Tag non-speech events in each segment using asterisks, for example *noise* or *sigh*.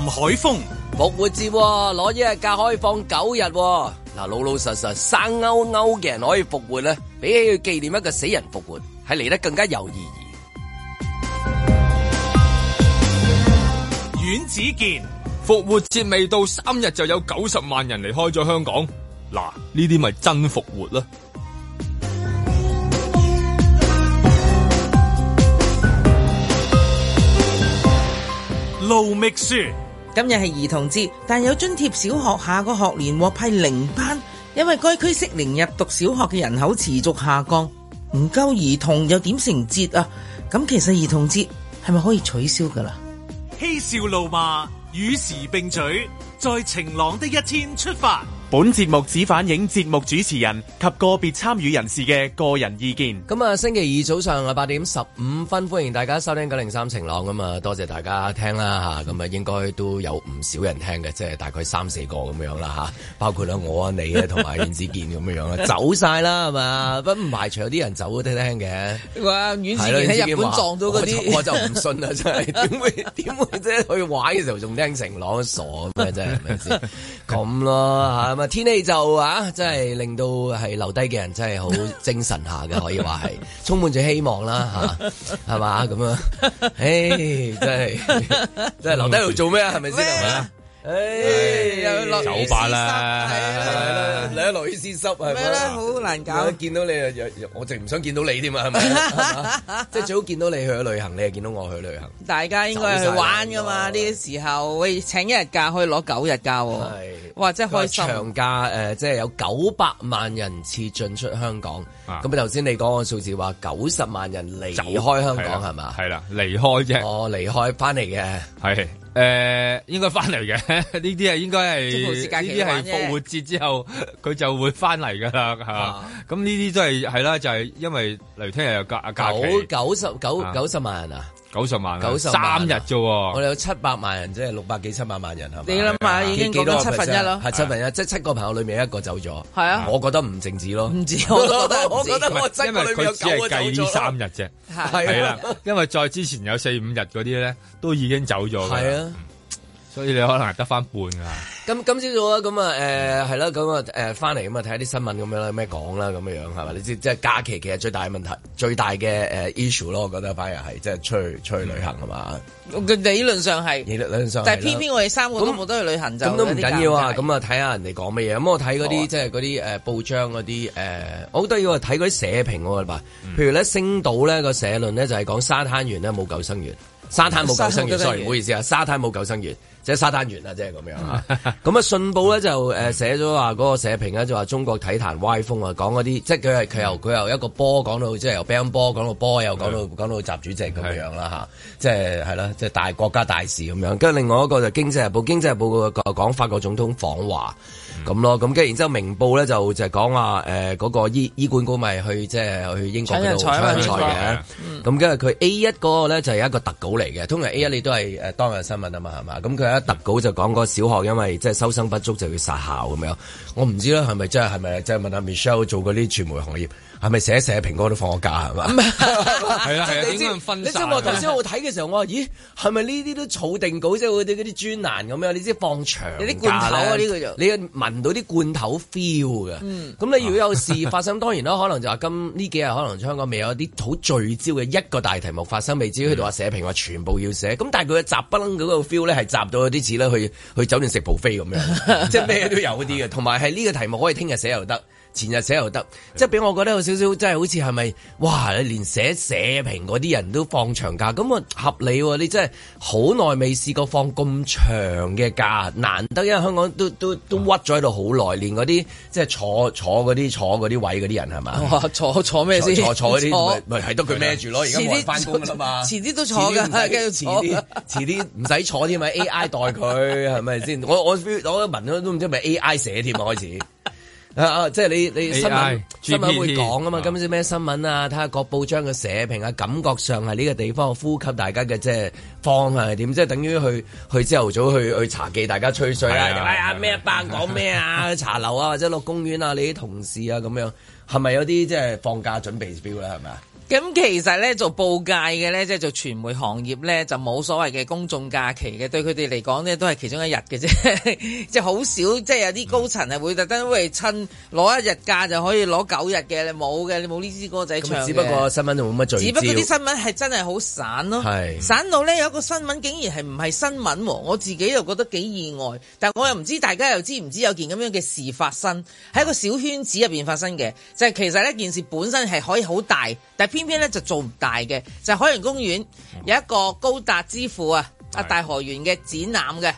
林海峰，復活節攞一日假開放九日。嗱，老老實實生勾勾嘅人可以復活咧，比起要紀念一個死人復活，係嚟得更加有意義。阮子健，復活節未到三日就有九十萬人離開咗香港，嗱，呢啲咪真復活囉。盧覓雪，今日係兒童節，但有津貼小學下個學年獲派零班，因為該區適齡入讀小學嘅人口持續下降，唔夠兒童又點成節啊？咁其實兒童節係咪可以取消噶啦？嬉笑怒罵與時並舉，在晴朗的一天出發。本節目只反映節目主持人及個別參與人士嘅個人意見。咁啊，星期二早上啊八點十五分，歡迎大家收聽《九零三晴朗》，咁啊，多謝大家聽啦吓，咁啊，應該都有唔少人聽嘅，即係大概三四個咁樣啦吓，包括啦我啊你啊同埋阮子健咁樣樣啦， *laughs* 走晒啦係嘛，不唔排除有啲人走都聽得聽嘅。哇！阮子健喺日本撞到嗰啲，我就唔信啦，真係點會點會即係去玩嘅時候仲聽晴朗傻咩？真係，咪先咁咯吓。天氣就啊，真係令到係留低嘅人真係好精神下嘅，可以話係 *laughs* 充滿咗希望啦，吓，係嘛？咁啊，嘿、 *laughs* 哎、真係真係留低度做咩啊？係咪先？係咪？ *laughs* 誒、hey,，有落雨絲濕係啦，兩雨絲濕係咩咧？好難搞。見到你啊，我淨唔想見到你添嘛，係咪？ *laughs* 是吧 *laughs* 即係最好見到你去咗旅行，你又見到我去旅行。大家應該去玩噶嘛？呢啲時候可以請一日假，可以攞九日假，哦是，哇！真係開心。長假誒、呃，即係有九百萬人次進出香港。咁啊，頭先你講個數字話，九十萬人離開香港係嘛？係啦，離、啊啊啊、開啫。我、哦、離開翻嚟嘅係。誒、呃，應該翻嚟嘅呢啲係應該係呢啲係復活節之後佢就會翻嚟噶啦，咁呢啲都係係啦，就係、是、因為嚟聽日又假假期九九十九九十萬啊！九十萬啊，三日啫，我哋有七百萬人，即係六百幾七百萬人啊！你諗下，已經幾多七分一咯，係、啊、七分一，啊、即係七個朋友裏面一個走咗，係啊，我覺得唔淨止咯，唔止，我覺得我覺得我七個裏面有九個，因為佢只係計呢三日啫，係啦，因為再之前有四五日嗰啲咧，都已經走咗噶啦。所以你可能得翻半啊？咁今朝早啊，咁啊，誒係啦。咁、嗯、啊，誒翻嚟咁啊睇下啲新聞咁樣啦，咩講啦咁樣樣係嘛？你知，即係假期其實最大嘅問題，最大嘅誒 issue 咯。我覺得反而係即係出去出去旅行係嘛。理論上係，理論上，但係偏偏我哋三個都冇得去旅行就咁都唔緊要啊。咁啊睇下人哋講乜嘢。咁我睇嗰啲即係嗰啲誒報章嗰啲誒，好得要啊睇嗰啲社評喎。你話，譬如咧星島咧個社論咧就係講沙灘完咧冇救生員，沙灘冇救生員，sorry，唔好意思啊，沙灘冇救生員。啊即係沙灘完啊，即係咁樣嚇。咁啊， *laughs* 《信報》咧就寫咗話嗰個社評咧，就話中國體壇歪風啊，講嗰啲即係佢係佢由佢、嗯、由一個波講到，即係由乒乓波講到波，又講到講到習主席咁樣啦吓，即係係啦，即係大國家大事咁樣。跟住另外一個就是經濟《經濟日報》，《經濟日報》佢講法國總統訪華咁、嗯、咯。咁跟住然之後，《明報》咧就就係講話嗰個醫管局咪去即係去英國嗰度嘅。咁跟住佢 A 一嗰個咧就係一個特稿嚟嘅，通常 A 一你都係當日新聞啊嘛，係嘛？咁一特稿就講個小學，因為即係收生不足，就要殺校咁樣。我唔知啦，係咪真係？係咪即係問下 Michelle 做過啲傳媒行業？係咪寫社評哥都放個假係嘛？唔係，係啦係啦。你知道 *laughs* 你知,分你知我頭先我睇嘅時候，我話咦，係咪呢啲都儲定稿即係我哋嗰啲專欄咁樣？你知放長你、這個？你啲罐頭啊呢個就你聞到啲罐頭 feel 嘅。嗯，咁你如果有事發生， *laughs* 當然啦，可能就話今呢幾日可能香港未有啲好聚焦嘅一個大題目發生，未至於喺度話社評話全部要寫。咁、嗯、但係佢雜不楞嗰個 feel 咧，係雜到有啲似咧去去酒店食 buffet 咁樣， *laughs* 即係咩都有啲嘅。同埋係呢個題目可以聽日寫又得。前日寫又得，即係俾我覺得有少少，即係好似係咪？哇！你連寫社評嗰啲人都放長假，咁啊合理？你真係好耐未試過放咁長嘅假，難得，因為香港都都都屈咗喺度好耐，連嗰啲即係坐坐嗰啲坐嗰啲位嗰啲人係嘛？坐坐咩先？坐、哦、坐啲咪係得佢孭住咯？而家冇人翻工啦嘛？遲啲都坐㗎，跟住遲啲，遲啲唔使坐添，咪 A I 代佢係咪先？我我我都唔知係咪 A I 寫添開始。啊、即係你你新聞新聞會講啊嘛，今次咩新聞啊？睇下各報章嘅社評啊，感覺上係呢個地方呼吸大家嘅，即係方向係點，即係等於去去朝頭早去去茶記大家吹水啦，哎咩班講咩啊？茶樓啊，啊啊啊啊樓啊 *laughs* 或者落公園啊，你啲同事啊咁樣，係咪有啲即係放假準備表咧？係咪啊？咁其實咧做報界嘅咧，即係做傳媒行業咧，就冇所謂嘅公眾假期嘅，對佢哋嚟講呢，都係其中一日嘅啫，即係好少，即係有啲高層係會特登，為趁攞一日假就可以攞九日嘅，你冇嘅，你冇呢支歌仔唱。只不過新聞就冇乜聚焦。只不過啲新聞係真係好散咯，散到咧有一個新聞竟然係唔係新聞，我自己又覺得幾意外，但我又唔知大家又知唔知有件咁樣嘅事發生，喺一個小圈子入面發生嘅，就係其實呢件事本身係可以好大，但偏偏咧就做唔大嘅，就係、是、海洋公園有一個高達之父啊，啊大河原嘅展覽嘅，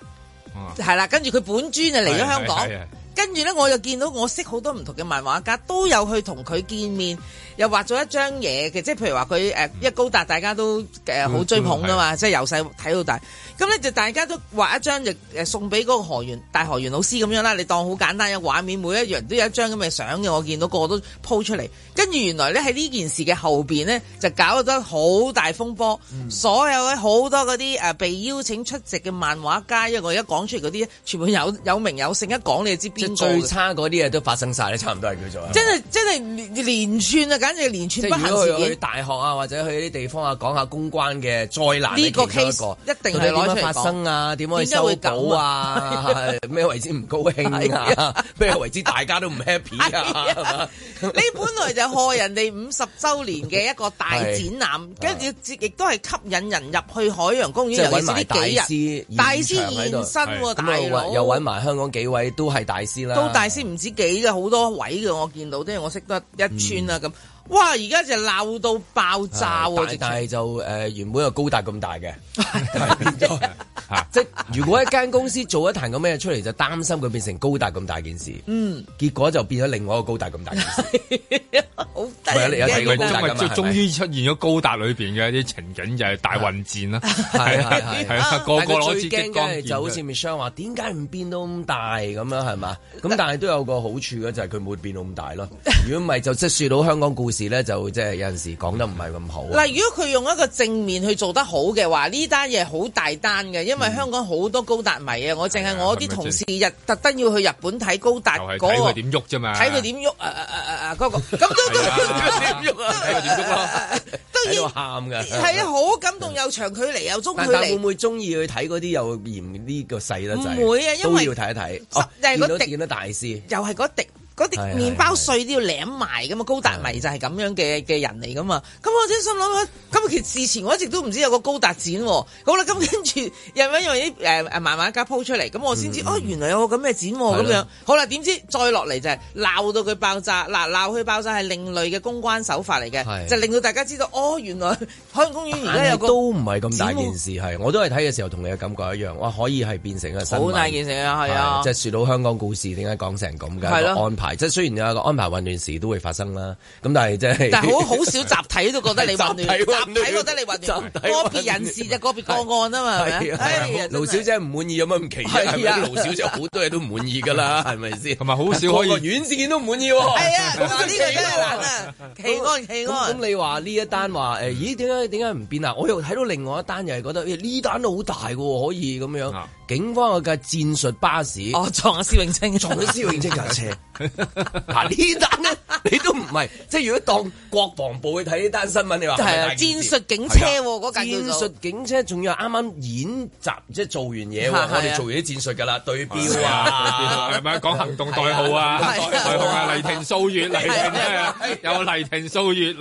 係、啊、啦，跟住佢本尊就嚟咗香港。跟住咧，我又見到我識好多唔同嘅漫畫家都有去同佢見面，又畫咗一張嘢嘅，即係譬如話佢誒一高達大家都誒好、呃嗯、追捧噶嘛，嗯嗯、即係由細睇到大。咁、嗯、咧就大家都畫一張就、呃、送俾嗰個大河原、大河原老師咁樣啦，你當好簡單嘅畫面，每一樣都有一張咁嘅相嘅。我見到個個都鋪出嚟。跟住原來咧喺呢件事嘅後邊咧，就搞咗好大風波，嗯、所有好多嗰啲誒被邀請出席嘅漫畫家，因為我而家講出嚟啲全部有有名有姓，一講你就知。最差嗰啲嘢都發生晒，咧，差唔多係叫做的。真係真係連串啊，簡直係連串不幸事件。即係如果去大學啊，或者去啲地方啊，講下公關嘅災難的。呢、呢個 case 一定係攞出發生啊？點可以修補啊？咩、啊、 *laughs* 為之唔高興啊？咩 *laughs* 為之大家都唔 happy 啊？ *laughs* *laughs* *laughs* 你本來就賀人哋五十週年嘅一個大展覽，跟住亦都係吸引人入去海洋公園。即係揾埋大師大師現身喎，大佬又揾埋香港幾位都係大。都大師唔知幾嘅好多位嘅，我見到，即係我識得一村啊咁。嗯哇！而家就鬧到爆炸喎、啊，但係就誒、呃、原本個高達咁大嘅， *laughs* 是 *laughs* 即係、啊、如果一間公司做一壇咁咩出嚟，就擔心佢變成高達咁大件事。嗯，結果就變咗另外一個高達咁大件事。好得意啊！有第二個高達噶嘛？是是終於出現咗高達裏面嘅一啲情景，就係大混戰啦。係啊係啊，個個攞支激光劍就是好似 Michelle 話：點解唔變到咁大咁樣係嘛？咁但係都有個好處嘅，就係佢冇變到咁大咯。如果唔係就即係説到香港故事。事咧就即係有陣時講得唔係咁好、啊。嗱，如果佢用一個正面去做得好嘅話，呢單嘢好大單嘅，因為香港好多高達迷啊、嗯！我淨係我啲同事日、嗯、特登要去日本睇高達嗰、那個，睇佢點喐啫嘛，睇佢點喐啊啊啊啊嗰個咁都都點喐啊？點、啊、喐都要喊㗎，係啊，好、啊啊啊啊、 *laughs* 感動又長距離又中。佢但會唔會中意去睇嗰啲又嫌呢個細得滯？唔會啊，因為都要睇一睇。見到見到大師，又係嗰滴。嗰啲麵包碎都要舐埋咁啊！係係係係高達迷就係咁樣嘅嘅人嚟噶嘛？咁我真心諗啊！咁其實事前我一直都唔知有個高達展喎、啊。好啦，咁跟住又揾又啲誒慢慢家鋪出嚟，咁我先知、嗯、哦，原來有個咁嘅展咁、啊、樣。好啦，點知再落嚟就係、係、鬧到佢爆炸。嗱，鬧佢爆炸係另類嘅公關手法嚟嘅，就令到大家知道哦，原來海洋公園而家有都唔係咁大件事係。我都係睇嘅時候同你嘅感覺一樣。哇，可以係變成一個好大件事啊！係啊，即係説到香港故事，點解講成咁嘅？即係雖然有個安排混亂時都會發生啦，咁但係即係但係好好少集體都覺得你混亂，混亂，集體覺得你混亂，個別人士啫，個別個案啊嘛，係咪啊？盧、啊啊、小姐唔滿意有乜咁奇怪？係啊，盧小姐好多嘢都唔滿意噶啦，係咪先？同埋好少可以遠視見都唔滿意喎。係 *laughs* 啊，呢、啊呢個真係難啊！奇案，奇案。咁你話呢一單話誒？咦，點解點解唔變啊？我又睇到另外一單又係覺得呢單、欸、都好大喎，可以咁樣。啊警方嘅戰術巴士，撞阿施永青，撞到施永青架車。嗱、啊、呢單咧，你都唔係，即係如果當國防部去睇呢單新聞，你話係、就是、戰術警車嗰架、啊，戰術警車仲要啱啱演習，即係做完嘢、啊啊，我哋做完啲戰術噶啦，對標啊，係咪講行動代號啊？代號啊，雷霆數月，雷、啊、霆、月、啊霆月啊啊啊、有雷霆數月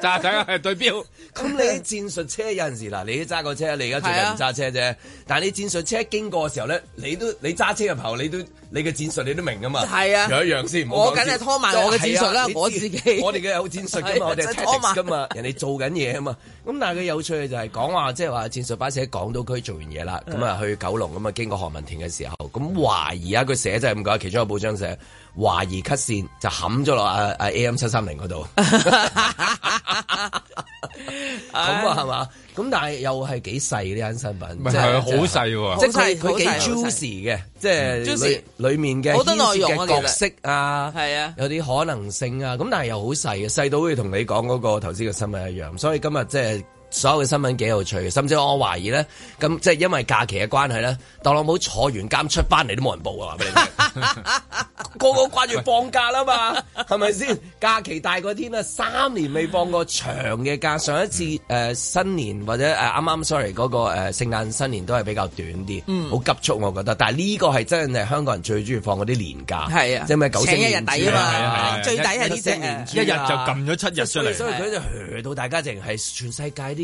揸仔係對標，咁你戰戰術車有陣時嗱，你揸過車，你而家最近唔揸車啫、啊，但你戰術車經過嘅時候咧，你都你揸車入頭，你都你嘅戰術你都明噶嘛？係啊，學一學先。我梗係拖慢我嘅戰術啦、啊，我自己。我哋嘅有戰術噶、啊、嘛，我哋係車直噶嘛。人哋做緊嘢啊嘛。咁但係佢有趣嘅就係講話，即係話戰術巴士喺港島區做完嘢啦，咁啊去九龍啊嘛，經過何文田嘅時候，咁懷疑啊佢寫就係咁解，其中嘅報章寫。懷疑 cut 線就冚咗落 AM 七三零嗰度，咁啊係嘛？咁、 *laughs* *laughs* 哎、但係又係幾細呢間新聞，唔係，係啊好細喎，即係佢幾 juicy 嘅，即係裏面嘅好、嗯、多內容啊角色啊，係啊，有啲可能性啊，咁但係又好細嘅，細到好似同你講嗰個頭先嘅新聞一樣，所以今日即係。所有嘅新聞幾有趣，甚至我我懷疑咧，咁即係因為假期嘅關係咧，特朗普坐完監出翻嚟都冇人報啊！話俾你聽， *laughs* 個個掛住放假啦嘛，係咪先？假期大過天啊！三年未放過長嘅假，上一次誒、呃、新年或者誒啱啱 sorry 嗰、那個誒、呃、聖誕新年都係比較短啲，好、嗯、急促我覺得。但係呢個係真係香港人最中意放嗰啲年假，係啊，即係咩九成一日底嘛啊嘛、啊啊啊啊，最底係呢隻，一日就撳咗七日出嚟、啊，所以佢就嚇到大家，淨係全世界啲。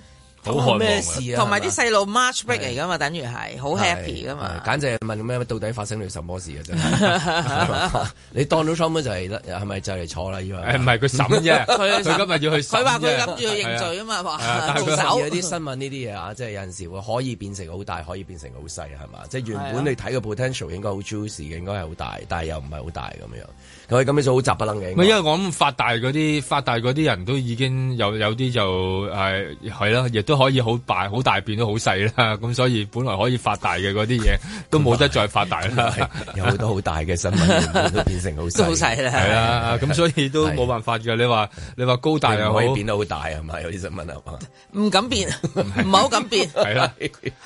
好開心啊！同埋啲細路 March break 嚟噶嘛，等於係好 happy 噶嘛。簡直係問咩？到底發生咗什麼事啊？真 *laughs* 係你當到特朗普就係、是、得，係咪就嚟坐啦？以為誒唔係佢審啫，佢、欸、 *laughs* 今日要去。佢話佢諗住認罪啊嘛，話、啊啊、做手有啲新聞呢啲嘢啊，即係有陣時會可以變成好大，可以變成好細，係嘛？即係原本你睇個 potential 應該好 juicy 嘅，應該係好大，但係又唔係好大咁樣。佢咁樣就好扎不楞嘅。咪因為我諗發大嗰啲發大嗰啲人都已經有有啲就係係啦，都可以好大好大變到好細啦，咁、嗯、所以本來可以發大嘅嗰啲嘢，都冇得再發大啦。有好多好大嘅新聞 *laughs* 都變成好都好細啦。係啊，咁、啊啊、所以都冇辦法嘅、啊。你話你話高大又可以變得好大係咪？有啲新聞係嘛？唔敢變，唔係好敢變。係啦、啊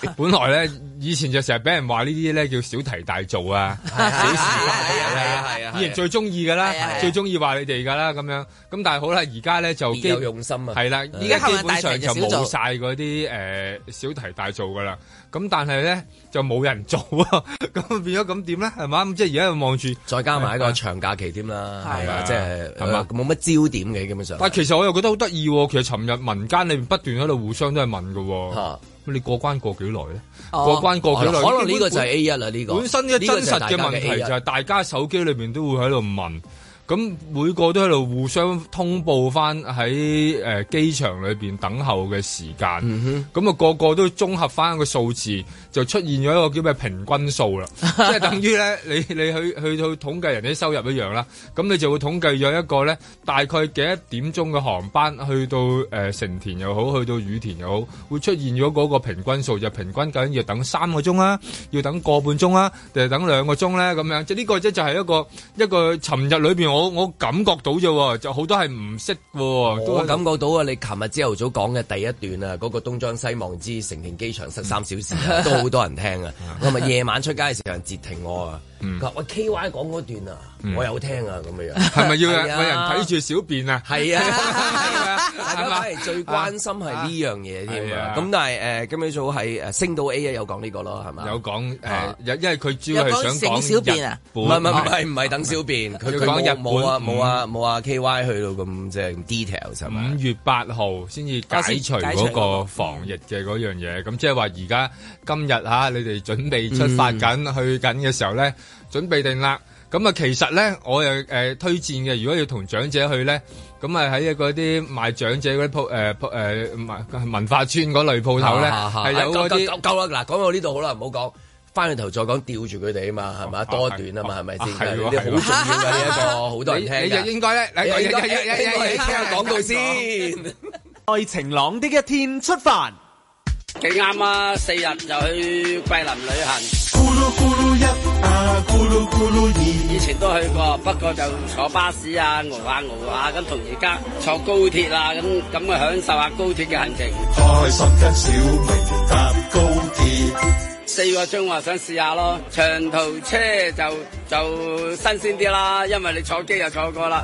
啊，本來咧以前就成日俾人話呢啲咧叫小題大做啊， *laughs* 小事化大係啊， *laughs* 啊，啊，啊，以前最中意嘅啦，最中意話你哋噶啦，咁樣。咁但係好啦，而家咧就別有用心啊。係啦，而家基本上就冇晒。啲、呃、小題大做噶啦，咁但係咧就冇人做喎，咁 *laughs* 變咗咁點咧係嘛？咁即係而家又望住，再加埋一個長假期添啦，係啊，即係係嘛，冇乜焦點嘅基本上。但係其實我又覺得好得意喎，其實尋日民間裏面不斷喺度互相都係問㗎喎，你過關過幾耐咧？過關過幾耐、啊啊？可能呢個就係 A 一啦，呢、呢個本身嘅真實嘅問題就係大家手機裏面都會喺度問。咁每個都喺度互相通報翻喺誒機場裏邊等候嘅時間，咁、嗯、啊，個個都綜合翻個數字，就出現咗一個叫咩平均數啦， *laughs* 即係等於咧，你去你去去到統計人哋收入一樣啦，咁你就會統計咗一個咧大概幾多點鐘嘅航班去到誒成田又好，去到羽田又好，會出現咗嗰個平均數就是、平均緊要等三個鐘啊，要等個半鐘啊，定係等兩個鐘咧咁樣，即、這、呢個即係就係一個一個尋日裏邊。我我感覺到咋，就好多係唔識喎。我感覺到啊，到你琴日朝頭早講嘅第一段啊，嗰、嗰個東張西望之成田機場失三小時， *laughs* 都好多人聽啊。我咪夜晚出街嘅時候有人截停我啊。我 K Y 講嗰段啊，我有聽啊，咁嘅樣係咪要有人睇住小便啊？係啊，咁反而最關心係呢樣嘢添。咁但係誒，今朝早係誒升到 A 一有講呢個咯，係嘛？有講誒，因為佢主要係想講小便啊，唔係唔係唔係唔係等小便。佢講日本冇啊冇啊冇啊 K Y 去到咁即係 detail，係咪？五月八號先至解除嗰個防疫嘅嗰樣嘢，咁即係話而家今日吓，你哋準備出發緊去緊嘅時候咧。準備定啦，咁啊，其實咧，我又誒推薦嘅，如果要同長者去咧，咁啊喺嗰啲賣長者嗰啲鋪誒誒，唔、呃、係文化村嗰類鋪頭咧，係有嗰夠啦，嗱講到呢度好啦，唔好講，翻去頭再講吊住佢哋啊嘛，係、哦、嘛多段、哦、啊嘛，係咪先？係喎、啊，好、啊啊啊、重要嘅呢一個，好多人聽，你你應該咧、啊，你聽下廣告先聽聽，為晴朗啲嘅天出發，幾啱啊！四日就去桂林旅行。咕嚕一啊，咕嚕咕嚕二。以前都去過，不過就坐巴士啊，熬下熬下，咁同而家坐高鐵啊，咁咁去享受下高鐵嘅行程。開心跟小明搭高鐵，四個鐘我想試下咯，長途車就就新鮮啲啦，因為你坐機又坐過啦，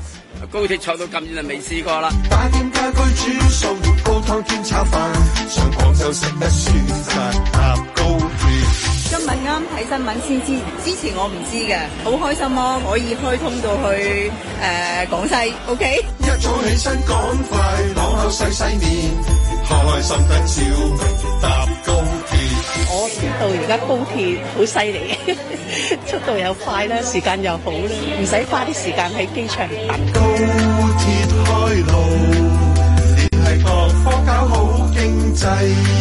高鐵坐到咁遠就未試過啦。打點家居煮餸、煲湯、煎炒飯，上廣州食得舒今日啱睇新聞先知，之前我唔知嘅，好開心咯！可以開通到去誒廣西，OK？一早起身趕快攞口洗洗面，開心大笑搭高鐵。我知道而家高鐵好犀利，速度又快啦，時間又好啦，唔使花啲時間喺機場等。高鐵開路，聯繫各方搞好經濟。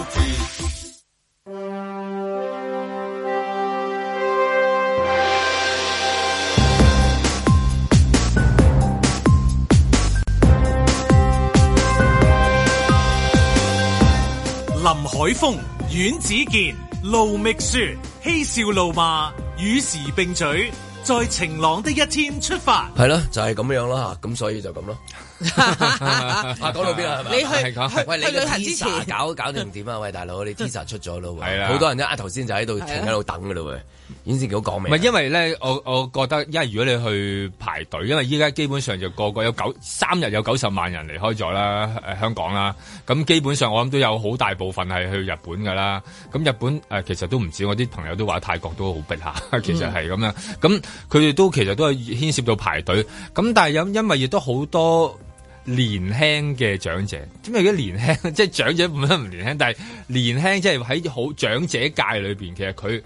海風、阮子健、盧覓雪、嬉笑怒罵，與時並舉，在晴朗的一天出發。係啦，就係咁樣啦吓，咁所以就咁咯。講 *laughs* 到邊啦？ *laughs* 你去，去，去，喂，去你去 visa 搞搞定點啊？喂，大佬，你 visa 出咗咯？係啦，好多人一啊頭先就喺度停喺度等噶喇喂，先生，幾好講咩？唔係，因為咧，我我覺得，因為如果你去排隊，因為依家基本上就個個有九三日有九十萬人離開咗啦，啊，香港啦，咁基本上我諗都有好大部分係去日本噶啦，咁日本誒，啊，其實都唔止我，我啲朋友都話泰國都好逼下，其實係咁樣，咁佢哋都其實都係牽涉到排隊，咁但係因因為亦都好多。年輕嘅長者，點解而家年輕，即、就、係、是、長者本身唔年輕，但係年輕即係喺好長者界裏邊，其實佢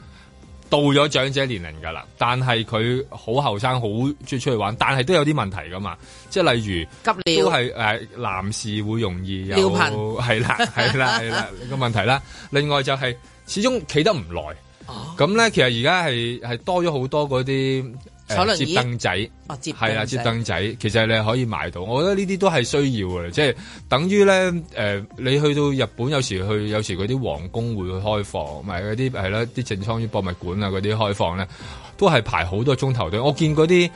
到咗長者年齡噶啦，但係佢好後生，好中意出去玩，但係都有啲問題噶嘛，即係例如急都係誒男士會容易有，尿頻，係啦係啦係啦呢 *laughs* 個問題啦。另外就係、是、始終企得唔耐，咁、哦、咧其實而家係係多咗好多嗰啲。接凳仔，係啦，接凳仔，哦，其實你可以買到。我覺得呢啲都係需要嘅，即係等於咧，誒、呃，你去到日本有時去，有時嗰啲皇宮會開放，唔係嗰啲係咯，啲正倉院博物館啊嗰啲開放咧，都係排好多鐘頭隊。我見嗰啲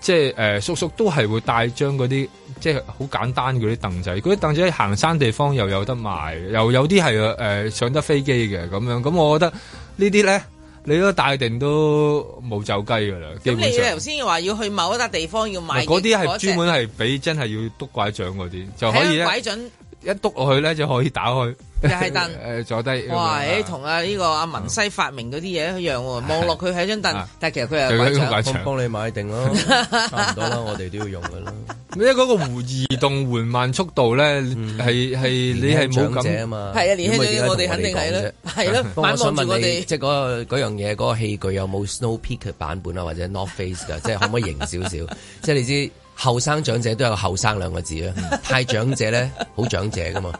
即係誒叔叔都係會帶張嗰啲即係好簡單嗰啲凳仔，嗰啲凳仔行山地方又有得賣，又有啲係誒上得飛機嘅咁樣。咁我覺得呢啲咧。你個大定都冇走雞㗎喇。基本上。你頭先話要去某一笪地方要買、那個，嗰啲係專門係俾真係要督拐杖嗰啲就可以啦。拐杖一篤落去咧就可以打開一喺凳誒坐低哇！同阿呢個阿文西發明嗰啲嘢一樣喎，望落佢係張凳、啊，但其實佢又幫，幫你買定咯， *laughs* 差唔多啦，我哋都要用嘅啦。咩 *laughs* 嗰個移動緩慢速度咧係係你係長者啊嘛？係啊，年青長者我哋肯定係咯，係咯。反我，們我想問你， *laughs* 即係嗰樣嘢嗰、嗰個器具有冇 Snow Peak 嘅版本啊，或者 North Face 嘅， *laughs* 即係可唔可以型少少？ *laughs* 即係你知。後生長者都有後生兩個字啦，太長者咧好長者噶嘛？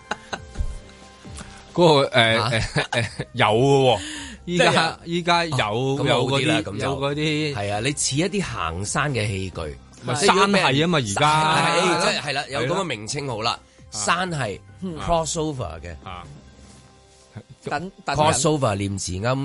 嗰、 *laughs* 嗰個誒誒有噶喎，依家依家有有嗰啲啦，咁就有嗰啲係啊，你似一啲行山嘅器具，山係啊嘛，而家即係啦，有咁嘅名稱好啦，山係 cross over 嘅，等 cross over 念慈庵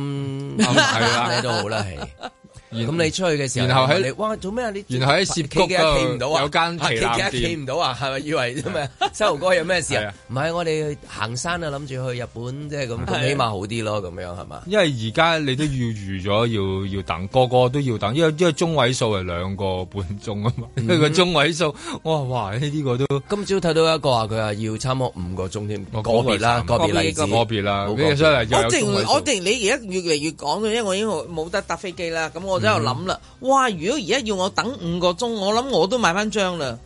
係啦，咩都好啦，係。咁你出去嘅時候，然後喺你哇做咩、那個、啊？你然後喺涉谷度有間旗艦店，企唔到啊？係咪以為咩？三雄哥有咩事啊？唔係，我哋去行山啊，諗住去日本，即係咁，起碼好啲咯，咁樣係嘛？因為而家你都預了要預咗，要要等，個個都要等，因為是、嗯、因為中位數係兩個半鐘啊嘛。因為個中位數，我話哇呢啲、呢個都。今朝睇到一個話佢話要差唔多五個鐘添。個別啦，個別例子，個別，個個別啦。我突我突你而家越嚟越講，因為我已經冇得搭飛機啦。咁我。我就喺度諗啦，哇！如果而家要我等五個鐘，我諗我都買翻張啦。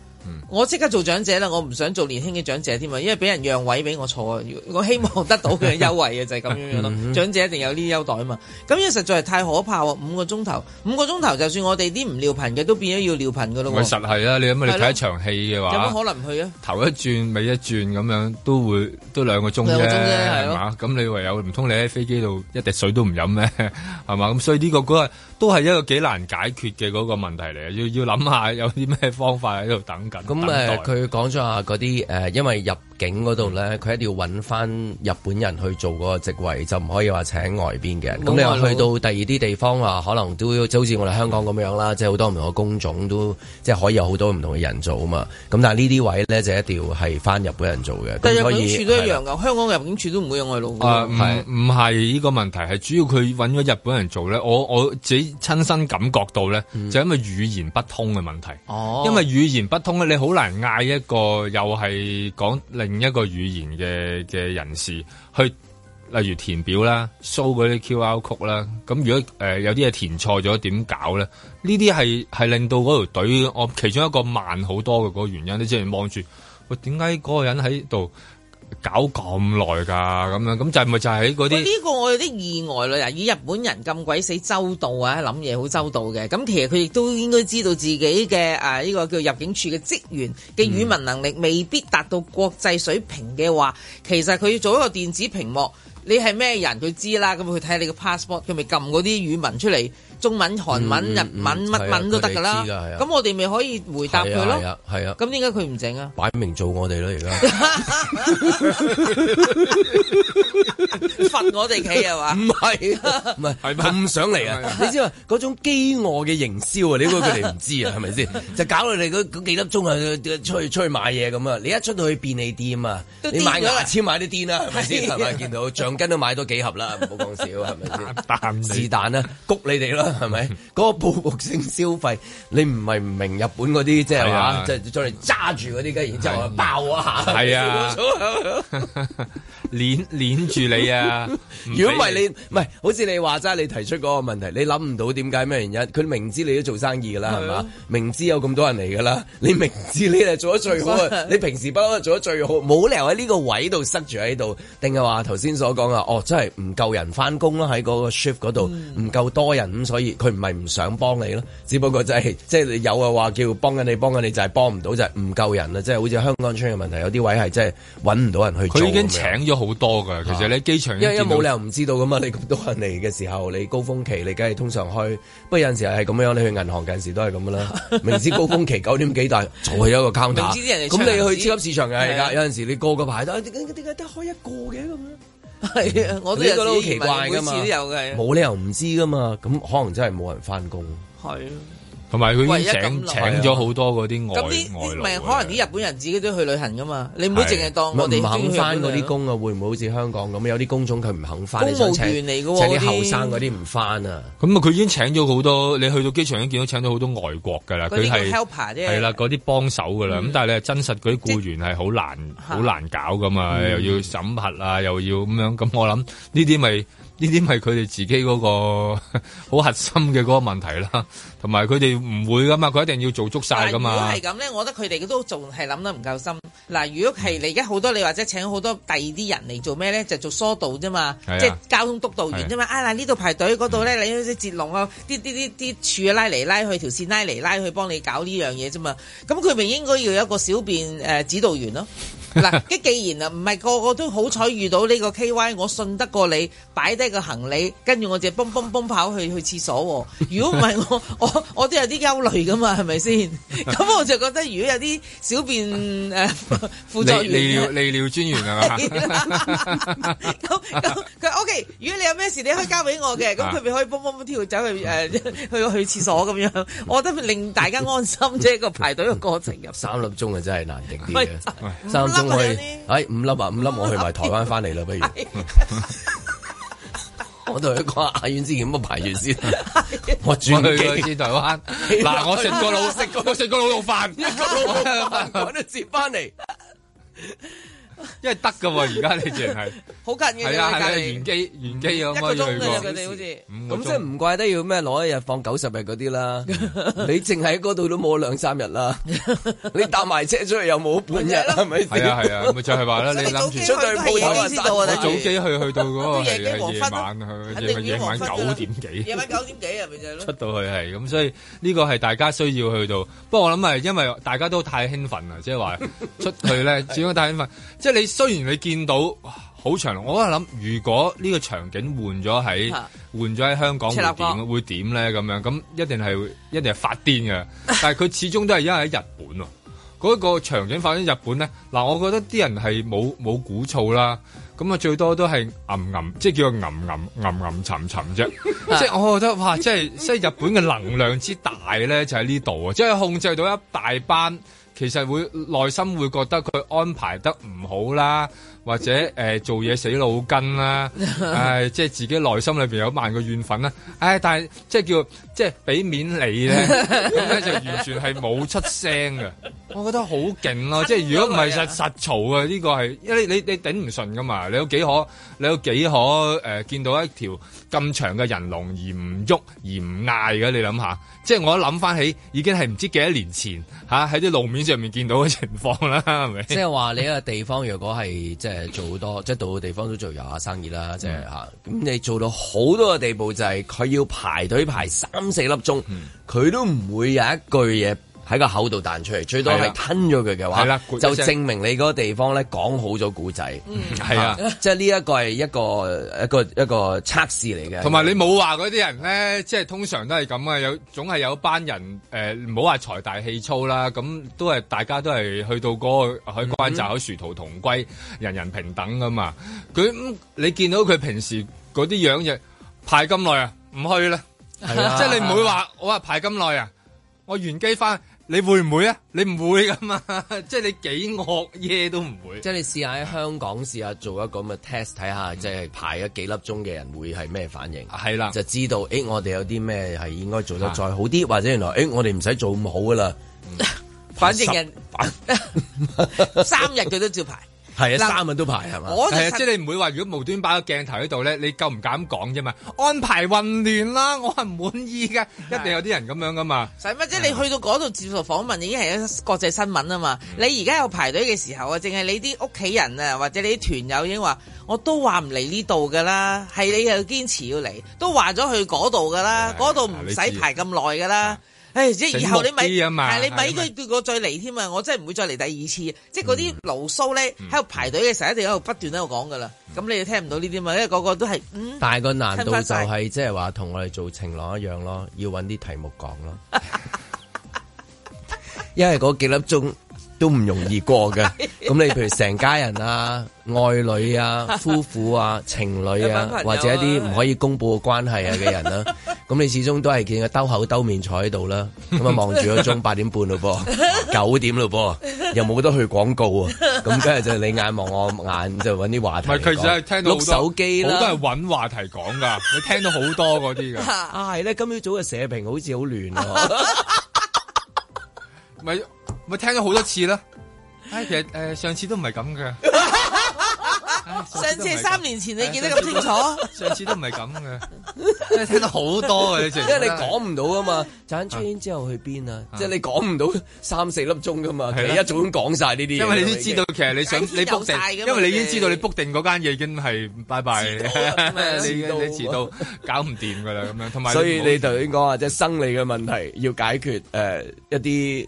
我即刻做長者啦，我唔想做年輕嘅長者添嘛，因為俾人讓位俾我坐，我希望得到嘅優惠啊，就係咁樣樣咯 *laughs* 長者一定有呢啲優待啊嘛。咁樣實在係太可怕喎！五個鐘頭，五個鐘頭，就算我哋啲唔尿頻嘅，都變咗要尿頻噶咯。咪實係啦，你諗下你睇一場戲嘅話，有乜可能唔去啊？頭一轉尾一轉咁樣，都會都兩個鐘嘅係嘛？咁你唯有唔通你喺飛機度一滴水都唔飲咩？係嘛？咁所以呢個嗰個。都係一個幾難解決嘅嗰個問題嚟，要要諗下有啲咩方法喺度等緊。咁，誒，佢講咗下嗰啲誒，因為入境嗰度咧，佢一定要揾翻日本人去做個職位，就唔可以話請外邊嘅人。咁你又去到第二啲地方啊，可能都要即好似我哋香港咁樣啦，即係好多唔同嘅工種都即係可以有好多唔同嘅人做啊嘛。咁但係呢啲位咧就一定要係翻日本人做嘅。但係入境處都一樣噶香港入境處都唔會用外勞。啊，唔唔係呢個問題，係主要佢揾咗日本人做咧。我我自己。親身感覺到咧，就係、因為語言不通嘅問題。哦，因為語言不通咧，你好難嗌一個又係講另一個語言嘅嘅人士去，例如填表啦，show 嗰啲 Q R code 啦。咁如果誒、呃、有啲嘢填錯咗，點搞咧？呢啲係係令到嗰條隊，我其中一個慢好多嘅嗰、嗰個原因。你即係望住，喂，點解嗰個人喺度？搞咁耐噶，咁樣咁就咪就係喺嗰啲。呢個我有啲意外啦，嗱，以日本人咁鬼死周到啊，諗嘢好周到嘅，咁其實佢亦都應該知道自己嘅，誒、啊，呢、這個叫入境處嘅職員嘅語文能力未必達到國際水平嘅話、嗯，其實佢要做一個電子屏幕，你係咩人佢知啦，咁佢睇下你個 passport，佢咪撳嗰啲語文出嚟。中文、韓文、日、嗯、文、乜文都得噶啦，咁、嗯嗯、我哋咪可以回答佢咯。係 *laughs* *laughs* synthesizing our años 啊，係啊。咁點解佢唔整啊？擺明做我哋咯，而家。罰我哋企係嘛？唔係，唔係，係咁上嚟啊？你知嘛？嗰種饑餓嘅營銷啊，你估佢哋唔知啊？係咪先？就搞你哋嗰幾粒鐘啊，出去出去買嘢咁啊！你一出到去便利店啊，你買牙籤超買啲癲啦，係咪先？係咪見到橡筋都買多幾盒啦？唔好講笑，係咪先？是但啊，谷 *laughs* 你哋啦！係咪？嗰 *laughs* 個報復性消費，你唔係唔明日本嗰啲即係話，即係再嚟揸住嗰啲雞，然之後爆一下。係啊。 *laughs* *laughs* *laughs* *laughs* 攆攆住你啊！你 *laughs* 如果唔係你唔係，好似你話齋你提出嗰個問題，你諗唔到點解咩原因？佢明知你都做生意㗎啦，係嘛？明知有咁多人嚟㗎啦，你明知你係做得最好，你平時不嬲做得最好，冇理由喺呢個位度塞住喺度，定係話頭先所講啊？哦，真係唔夠人翻工啦，喺嗰個 shift 嗰度唔夠多人，咁所以佢唔係唔想幫你咯，只不過就係、是，即、就、係、是、有嘅話叫幫緊你幫緊你，你就係幫唔到就係唔夠人啦，即、就、係、是、好似香港出現嘅問題，有啲位係真係揾唔到人去。佢已經請咗。好多噶，其實你喺機場，因為冇理由唔知道噶嘛。你咁多人嚟嘅時候，你高峰期你梗係通常開，不過有陣時係咁樣。你去銀行近時候都係咁噶啦，明知道高峰期九點幾大，就係一個 counter。知啲人咁，你去超級市場嘅而家的有陣時候你個個排都，點解得開一個嘅咁咧？係啊，我都覺得好奇怪噶嘛，冇理由唔知噶嘛，咁可能真係冇人翻工。係啊。同埋佢已經請請咗好多嗰啲外外來。咁啲啲命可能啲日本人自己都去旅行㗎嘛，你唔好淨係當我哋。唔肯返嗰啲工啊，公會唔會好似香港咁？有啲工種佢唔肯翻。公務員你想請嚟嘅喎，即係啲後生嗰啲唔返啊。咁、就、佢、是、已經請咗好多，你去到機場已經見到請咗好多外國㗎啦。佢係係啦，嗰啲幫手㗎啦。咁、嗯、但係你係真實嗰啲僱員係好難，好難搞嘅嘛、嗯，又要審核啊，又要咁樣。咁我諗呢啲咪。呢啲係佢哋自己嗰個好核心嘅嗰個問題啦，同埋佢哋唔會噶嘛，佢一定要做足晒噶嘛。如果係咁咧，我覺得佢哋都仲係諗得唔夠深。嗱，如果係你而家好多你或者請好多第二啲人嚟做咩咧，就係、做疏導啫嘛，即係、啊、交通督導員啫嘛。啊，啊，嗱呢度排隊嗰度咧，你截龍啊，啲啲啲啲柱拉嚟拉去，條線拉嚟拉去幫你搞呢樣嘢啫嘛。咁佢咪應該要有一個小便誒指導員咯。嗱，即既然啊，唔係個個都好彩遇到呢個 KY，我信得過你擺低個行李，跟住我就嘣嘣嘣跑去去廁所，啊。如果唔係我，我我都有啲憂慮噶嘛，係咪先？咁我就覺得如果有啲小便誒、啊、副作用，泌尿泌尿專員啊，咁咁佢 OK。如果你有咩事，你可以交俾我嘅，咁佢咪可以嘣嘣嘣跳走去誒、啊、去去廁所咁樣。我覺得令大家安心即係個排隊嘅過程入。三粒鐘啊，真係難頂啲。唔係三我去，哎，五粒啊，五粒我去埋台灣翻嚟啦，不如， *laughs* *laughs* 我同佢講阿遠之前，前咁，樣排完先， *laughs* *laughs* 我轉去，去台灣，嗱， *laughs* *laughs* 我食個老食個食個滷肉飯， *laughs* 一個滷肉飯，我都接翻嚟。 *laughs* 因為得噶，而家你淨係好近嘅，係啊係啊，原機原機咁樣去過，五個鐘好似。咁即先唔怪得要咩攞一日放九十日嗰啲啦。嗯、你淨喺嗰度都冇兩三日啦， *laughs* 你搭埋車出去又冇半日啦，係咪？係啊係啊，咪、啊啊、就係話啦。你諗住、啊啊、出去係早機去去到個夜晚去，去夜晚九點幾，夜晚九點幾啊，咪出到去係咁，所以呢個係大家需要去到。不過我諗係因為大家都太興奮啦，即係話出去咧，主要太興奮。即係你雖然你見到好長，我喺度諗，如果呢個場景換咗喺換咗喺香港會點會點咧？咁樣咁一定係一定係發癲嘅，啊。但係佢始終都係因為喺日本喎。嗰個場景發生喺日本咧。嗱，我覺得啲人係冇冇鼓噪啦，咁啊最多都係吟吟，即係叫佢吟吟吟吟沉沉啫，啊。即係我覺得哇，即係即係日本嘅能量之大咧，就喺呢度啊！即係控制到一大班。其實會內心會覺得佢安排得唔好啦。.或者誒、呃、做嘢死腦筋啦，即係自己內心裏邊有萬個怨憤啦，誒但係即係叫即係俾面你咧，咁 *laughs* 咧就完全係冇出聲嘅。我覺得好勁咯，即係如果唔係實實嘈啊呢個係，因為你你，你，你頂唔順噶嘛，你有幾可你有幾可誒、呃、見到一條咁長嘅人龍而唔喐而唔嗌嘅，你諗下，即係我一諗翻起已經係唔知幾多年前吓，喺啲路面上面見到嘅情況啦，係咪？即係話你一個地方如果係。即係。誒做好多，即係到個地方都做遊下生意啦，即係吓，咁、嗯、你做到好多嘅地步，就係佢要排隊排三四粒鐘，佢、嗯、都唔會有一句嘢。喺個口度彈出嚟，最多係吞咗佢嘅話、啊，就證明你嗰個地方咧講好咗古仔，係啊、嗯、啊、啊，即係呢一個係一個一個一個測試嚟嘅。同埋你冇話嗰啲人咧，即係通常都係咁啊，有總係有班人誒，唔好話財大氣粗啦，咁都係大家都係去到嗰、那個去關閘，去殊途同歸，人人平等噶嘛。佢、嗯、你見到佢平時嗰啲樣嘢排咁耐啊，唔去啦、啊，即係你唔會話我話排咁耐啊，我原機翻。你會唔會啊？你唔會噶嘛， *laughs* 即係你幾惡嘢，都唔會。即係你試下喺香港試下做一個咁嘅 test，睇下即係排咗幾粒鐘嘅人會係咩反應。係啦，就知道誒、欸，我哋有啲咩係應該做得再好啲，或者原來誒、欸，我哋唔使做咁好噶啦、嗯。反正，人 *laughs* 反正人 *laughs* *laughs* 三日佢都照排。係啊，三個人都排係嘛，係啊，即係你唔會話如果無端擺個鏡頭喺度咧，你夠唔敢講啫嘛？安排混亂啦，我係唔滿意噶、啊，一定有啲人咁樣噶嘛。使乜啫？你去到嗰度接受訪問已經係一個國際新聞啊，嘛？嗯、你而家有排隊嘅時候啊，淨係你啲屋企人啊，或者你啲團友已經話，我都話唔嚟呢度噶啦，係你又堅持要嚟，都話咗去嗰度噶啦，嗰度唔使排咁耐噶啦。唉，即係以後你咪，但係你咪佢叫我再嚟添啊！我真係唔會再嚟第二次。嗯、即係嗰啲牢騷咧，喺、嗯、度排隊嘅時候一定喺度不斷喺度講噶啦。咁、嗯、你哋聽唔到呢啲嘛？因為個個都係嗯。但個難度就係即係話同我哋做情郎一樣咯，要搵啲題目講咯。因為嗰幾粒鐘都唔容易過㗎。咁 *laughs* 你譬如成家人啊、愛女啊、夫婦啊、情侶啊，啊，或者一啲唔可以公布嘅關係啊嘅人啦、啊。 *laughs* 咁你始終都係見佢兜口兜面坐喺度啦，咁啊望住個鐘八點半咯噃，九 *laughs* 點咯了噃， *laughs* 又冇得去廣告啊，咁梗係就係你眼望我眼就搵啲話題。唔係，其實係聽到好多，好多係搵話題講噶，你聽到好多嗰啲噶。 *laughs* 啊，係咧，今朝早嘅社評好似好亂喎，咪 *laughs* 咪聽咗好多次啦。唉、哎，其實誒、呃，上次都唔係咁嘅。上次係三年前你記得咁清楚？上次都唔係咁嘅，即係聽得好多啊。因為你講唔到啊嘛，轉圈之後去邊啊？即係你講唔到三四粒鐘噶嘛？係啦，一早咁講晒呢啲，因為你都知道，其實你想你 book 定，因為你已經知道你 book 定嗰間嘢已經係拜拜，你遲到搞唔掂噶啦咁樣。所以你頭先講話，即係生理嘅問題要解決誒，一啲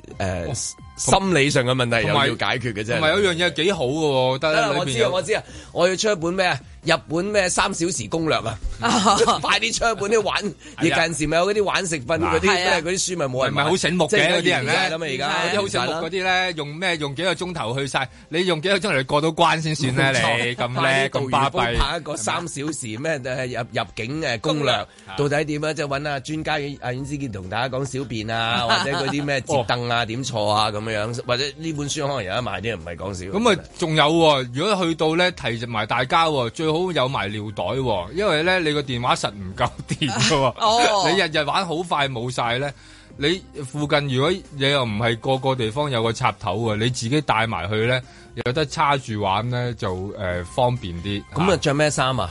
誒。心理上嘅問題又要解決嘅啫，唔係有，就是，有一樣嘢幾好嘅喎，得啦，我知啊，我知啊，我要出一本咩啊？日本咩三小時攻略啊！ *laughs* *laughs* 快啲出去本啲玩，而近時咪有嗰啲玩食瞓嗰啲，即係嗰啲書咪冇人。唔係好醒目嘅嗰啲人咩？而家啲好醒目嗰啲咧，用咩用幾個鐘頭去晒、啊？你用幾個鐘頭、啊啊、過到關先算咧？你咁叻咁巴閉，拍一個三小時咩？入入境誒攻略 *laughs* 到底點啊？即係揾阿專家阿尹子健同大家講小便啊， *laughs* 或者嗰啲咩折凳啊點、哦、坐啊咁樣樣，或者呢本書可能有得賣啲，唔係講笑。咁啊，仲有如果去到咧提埋大家最。都有埋尿袋、哦，因為咧你個電話實唔夠電噶、啊哦，你日日玩好快冇晒咧。你附近如果又唔係個個地方有個插頭嘅，你自己帶埋去咧，又有得插住玩咧就誒、呃、方便啲。咁啊着咩衫啊？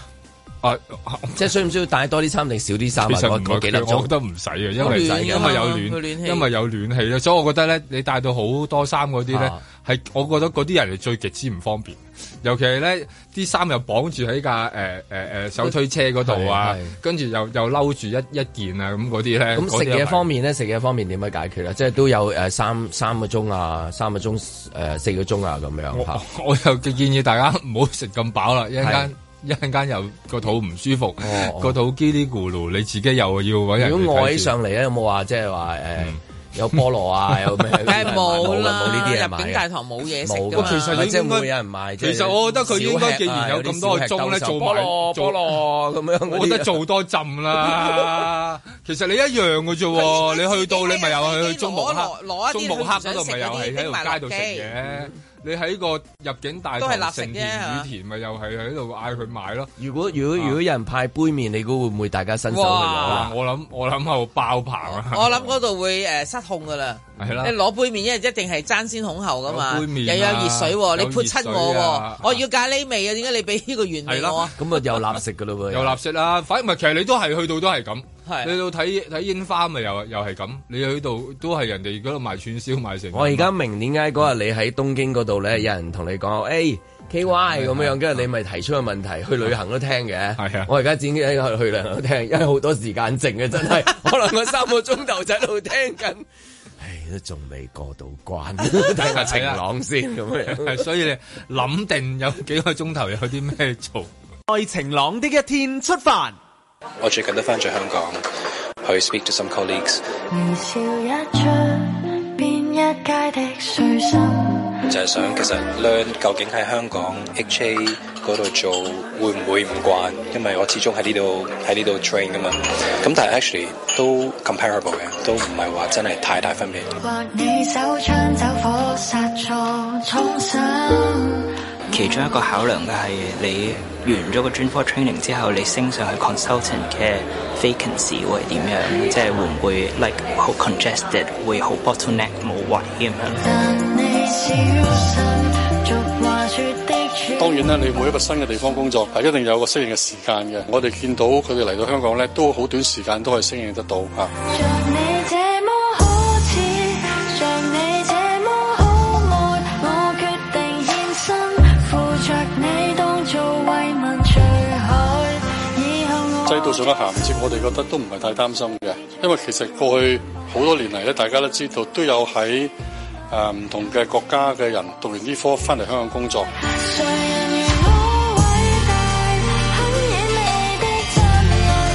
啊，即係需唔需要帶多啲衫定少啲衫啊其實粒粒？我覺得唔使啊，因為因為有暖，暖氣因為有暖氣啦，所以我覺得咧你帶到好多衫嗰啲咧，係、啊、我覺得嗰啲人係最極之唔方便。尤其係咧，啲衫又綁住喺架誒誒、呃呃、手推車嗰度啊，跟住又又嬲住一一件啊，咁嗰啲咧。咁食嘢方面咧，食嘢方面點樣解決咧？即係都有三三個鐘啊，三個鐘、呃、四個鐘啊咁樣，我又建議大家唔好食咁飽啦，一陣間一陣間又個肚唔舒服，個、哦、肚嘰哩咕嚕，你自己又要如果餓起上嚟咧、嗯，有冇話即係話誒？就是有菠蘿啊，有咩？但係冇啦，冇呢啲啊。大堂冇嘢，冇。其實佢應該有人買。其實我覺得佢應該既然有咁多個鐘咧做買，做菠蘿，咁樣，我覺得做多浸啦。其實你一樣嘅啫，你去到你咪又去中木黑，中木黑嗰度咪又係喺條街度食嘅。你喺個入境大堂都係成田羽田咪又係喺度嗌佢買咯。如果如果、啊、如果有人派杯麵，你估會唔會大家伸手去攞啦？我諗我諗後爆棚啊！我諗嗰度會誒失控㗎喇。係啦！你攞杯麵因為一定係爭先恐後噶嘛，又有熱水喎、啊啊，你潑親我喎、啊，我要咖喱味嘅，點解你俾呢個原味我啊？咁啊，又立食噶咯喎，又立食啦！反正其實你都係去到都係咁，去到睇睇櫻花咪又又係咁，你去到都係人哋嗰度賣串燒賣成。我而家明點解嗰日，你喺東京嗰度咧，有人同你講誒 K Y 咁樣，跟住你咪提出個問題，去旅行都聽嘅。啊，我而家剪嘅去旅行都聽，因為好多時間剩嘅，真係可能我個三個鐘頭喺度聽緊。唉，都仲未過到關，睇下晴朗先咁樣。所以你諗定有幾個鐘頭有啲咩做？在晴朗的一天出發。我最近都翻咗香港去，speak to some colleagues。就係想，其實 learn 究竟喺香港 HA 嗰度做會唔會唔慣？因為我始終喺呢度喺呢度 train 噶嘛。咁但係 actually 都 comparable 嘅，都唔係話真係太大分別。其中一個考量嘅係你完咗個專科 training 之後，你升上去 consultant 嘅 vacancy 會點樣？即係會唔會 like 好 congested，會好 bottleneck 冇位咁樣？嗯俗的當然啦，你每一個新嘅地方工作，係一定有一個適應嘅時間嘅。我哋見到佢哋嚟到香港咧，都好短時間都係適應得到啊。制度、就是、上嘅銜接，我哋覺得都唔係太擔心嘅，因為其實過去好多年嚟咧，大家都知道都有喺。誒、嗯、唔同嘅國家嘅人讀完醫科翻嚟香港工作。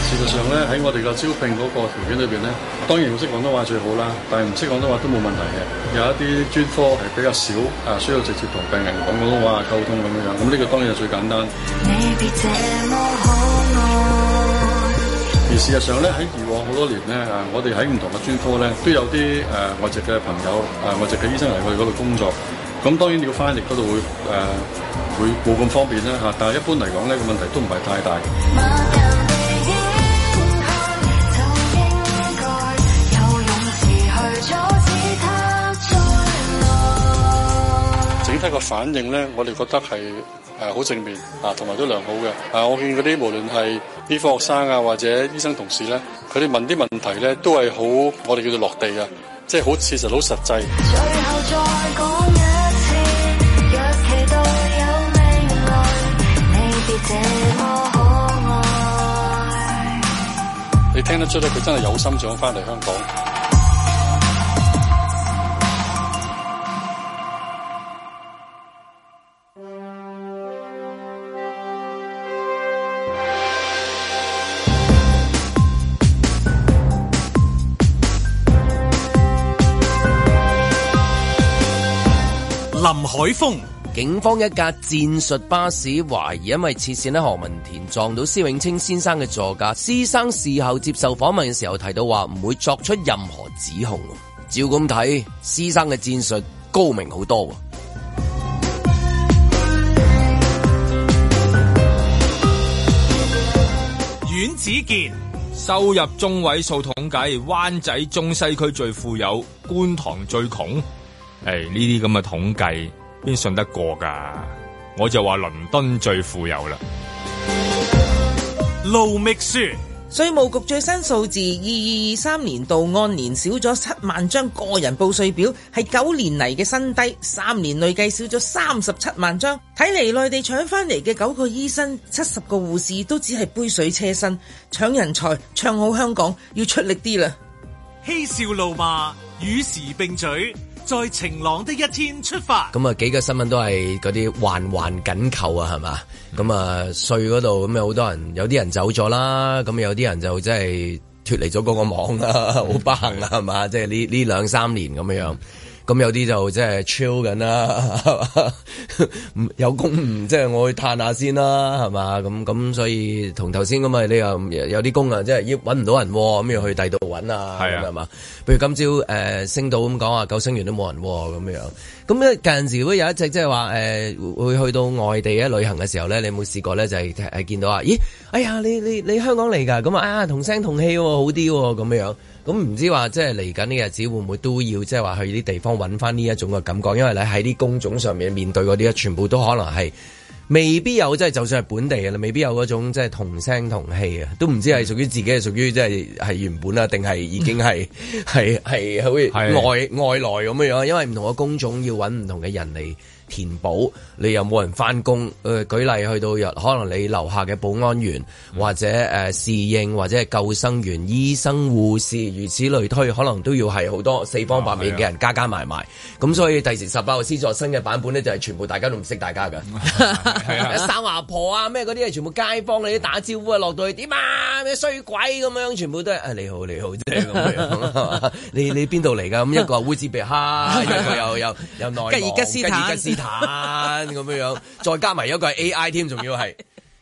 事實上咧，喺我哋嘅招聘嗰個條件裏面咧，當然識廣東話最好啦，但係唔識廣東話都冇問題嘅。有一啲專科係比較少，啊需要直接同病人講廣東話溝通咁樣樣。咁呢個當然係最簡單。 *music* 事實上咧，喺以往好多年咧、嚇，啊，我哋喺唔同嘅專科咧，都有啲誒外籍嘅朋友、誒外籍嘅醫生嚟我哋嗰度工作。咁當然你要返嚟嗰度會誒會冇咁方便啦，嚇。但係一般嚟講咧，個問題都唔係太大嘅。整體個反應咧，我哋覺得係誒好正面啊，同埋都良好嘅。啊，我見嗰啲無論係，醫科學生啊，或者醫生同事咧，佢哋問啲問題咧，都係好我哋叫做落地嘅，即係好切實，很實際、好實際。最後再講一次，若期待有未來，未必這麼可愛。你聽得出啦，佢真係有心想翻嚟香港。林海峰，警方一架戰術巴士懷疑因為切線咧，何文田撞到施永青先生嘅座駕。施生事後接受訪問嘅時候提到話唔會作出任何指控。照咁睇，施生嘅戰術高明好多。阮子健收入中位數統計，灣仔中西區最富有，觀塘最窮。誒、哎，呢啲咁嘅統計邊信得過噶？我就話倫敦最富有啦。盧覓雪稅務局最新數字，二二二三年度按年少咗七萬張個人報稅表，係九年嚟嘅新低，三年累計少咗三十七萬張。睇嚟內地搶翻嚟嘅九個醫生、七十個護士都只係杯水車薪，搶人才、唱好香港要出力啲啦。嬉笑怒罵與時並舉。在晴朗的一天出發。咁啊，幾個新聞都係嗰啲環環緊扣啊，係嘛？咁、嗯、啊，稅嗰度咁有好多人，有啲人走咗啦，咁有啲人就真係脫離咗嗰個網啦，好不幸啊，係、嗯、嘛？即係呢呢兩三年咁樣。嗯咁有啲就即係 chill 緊啦，有工唔即係我去嘆下先啦，係嘛？咁咁所以同頭先咁啊，你又有啲工啊，即係要搵唔到人咁樣去第度搵啊，係嘛？譬如今朝誒星島咁講啊，救生員都冇人咁樣，咁咧近陣時會有一隻即係話誒會去到外地咧旅行嘅時候咧，你有冇試過咧就係、是、見見到啊？咦，哎呀，你你你香港嚟噶？咁啊，同聲同氣、哦、好啲咁、哦、樣。咁唔知話即係嚟緊呢日子會唔會都要即係話去啲地方揾翻呢一種嘅感覺，因為咧喺啲工種上面面對嗰啲，全部都可能係未必有，即係就算係本地嘅啦，未必有嗰種即係同聲同氣啊，都唔知係屬於自己，係屬於即係係原本呀，定係已經係係係好似外外來咁樣樣，因為唔同嘅工種要揾唔同嘅人嚟。填補你又冇人翻工，誒、呃、舉例去到日，可能你樓下嘅保安員或者誒侍、呃、應或者救生員、醫生、護士，如此類推，可能都要係好多四方八面嘅人加加埋埋。咁、哦啊、所以第時十八號 C 座新嘅版本呢，就係、是、全部大家都唔識大家噶、 *laughs* 啊，三阿婆啊咩嗰啲係全部街坊你打招呼啊，落到去點啊咩衰鬼咁樣，全部都係你好你好，你好、就是、樣 *laughs* 你你邊度嚟㗎？咁一個烏茲別克，又 *laughs* 又有又內俄吉爾吉斯。吉咁 *laughs* 樣樣，再加埋一個係 A I 添，仲要係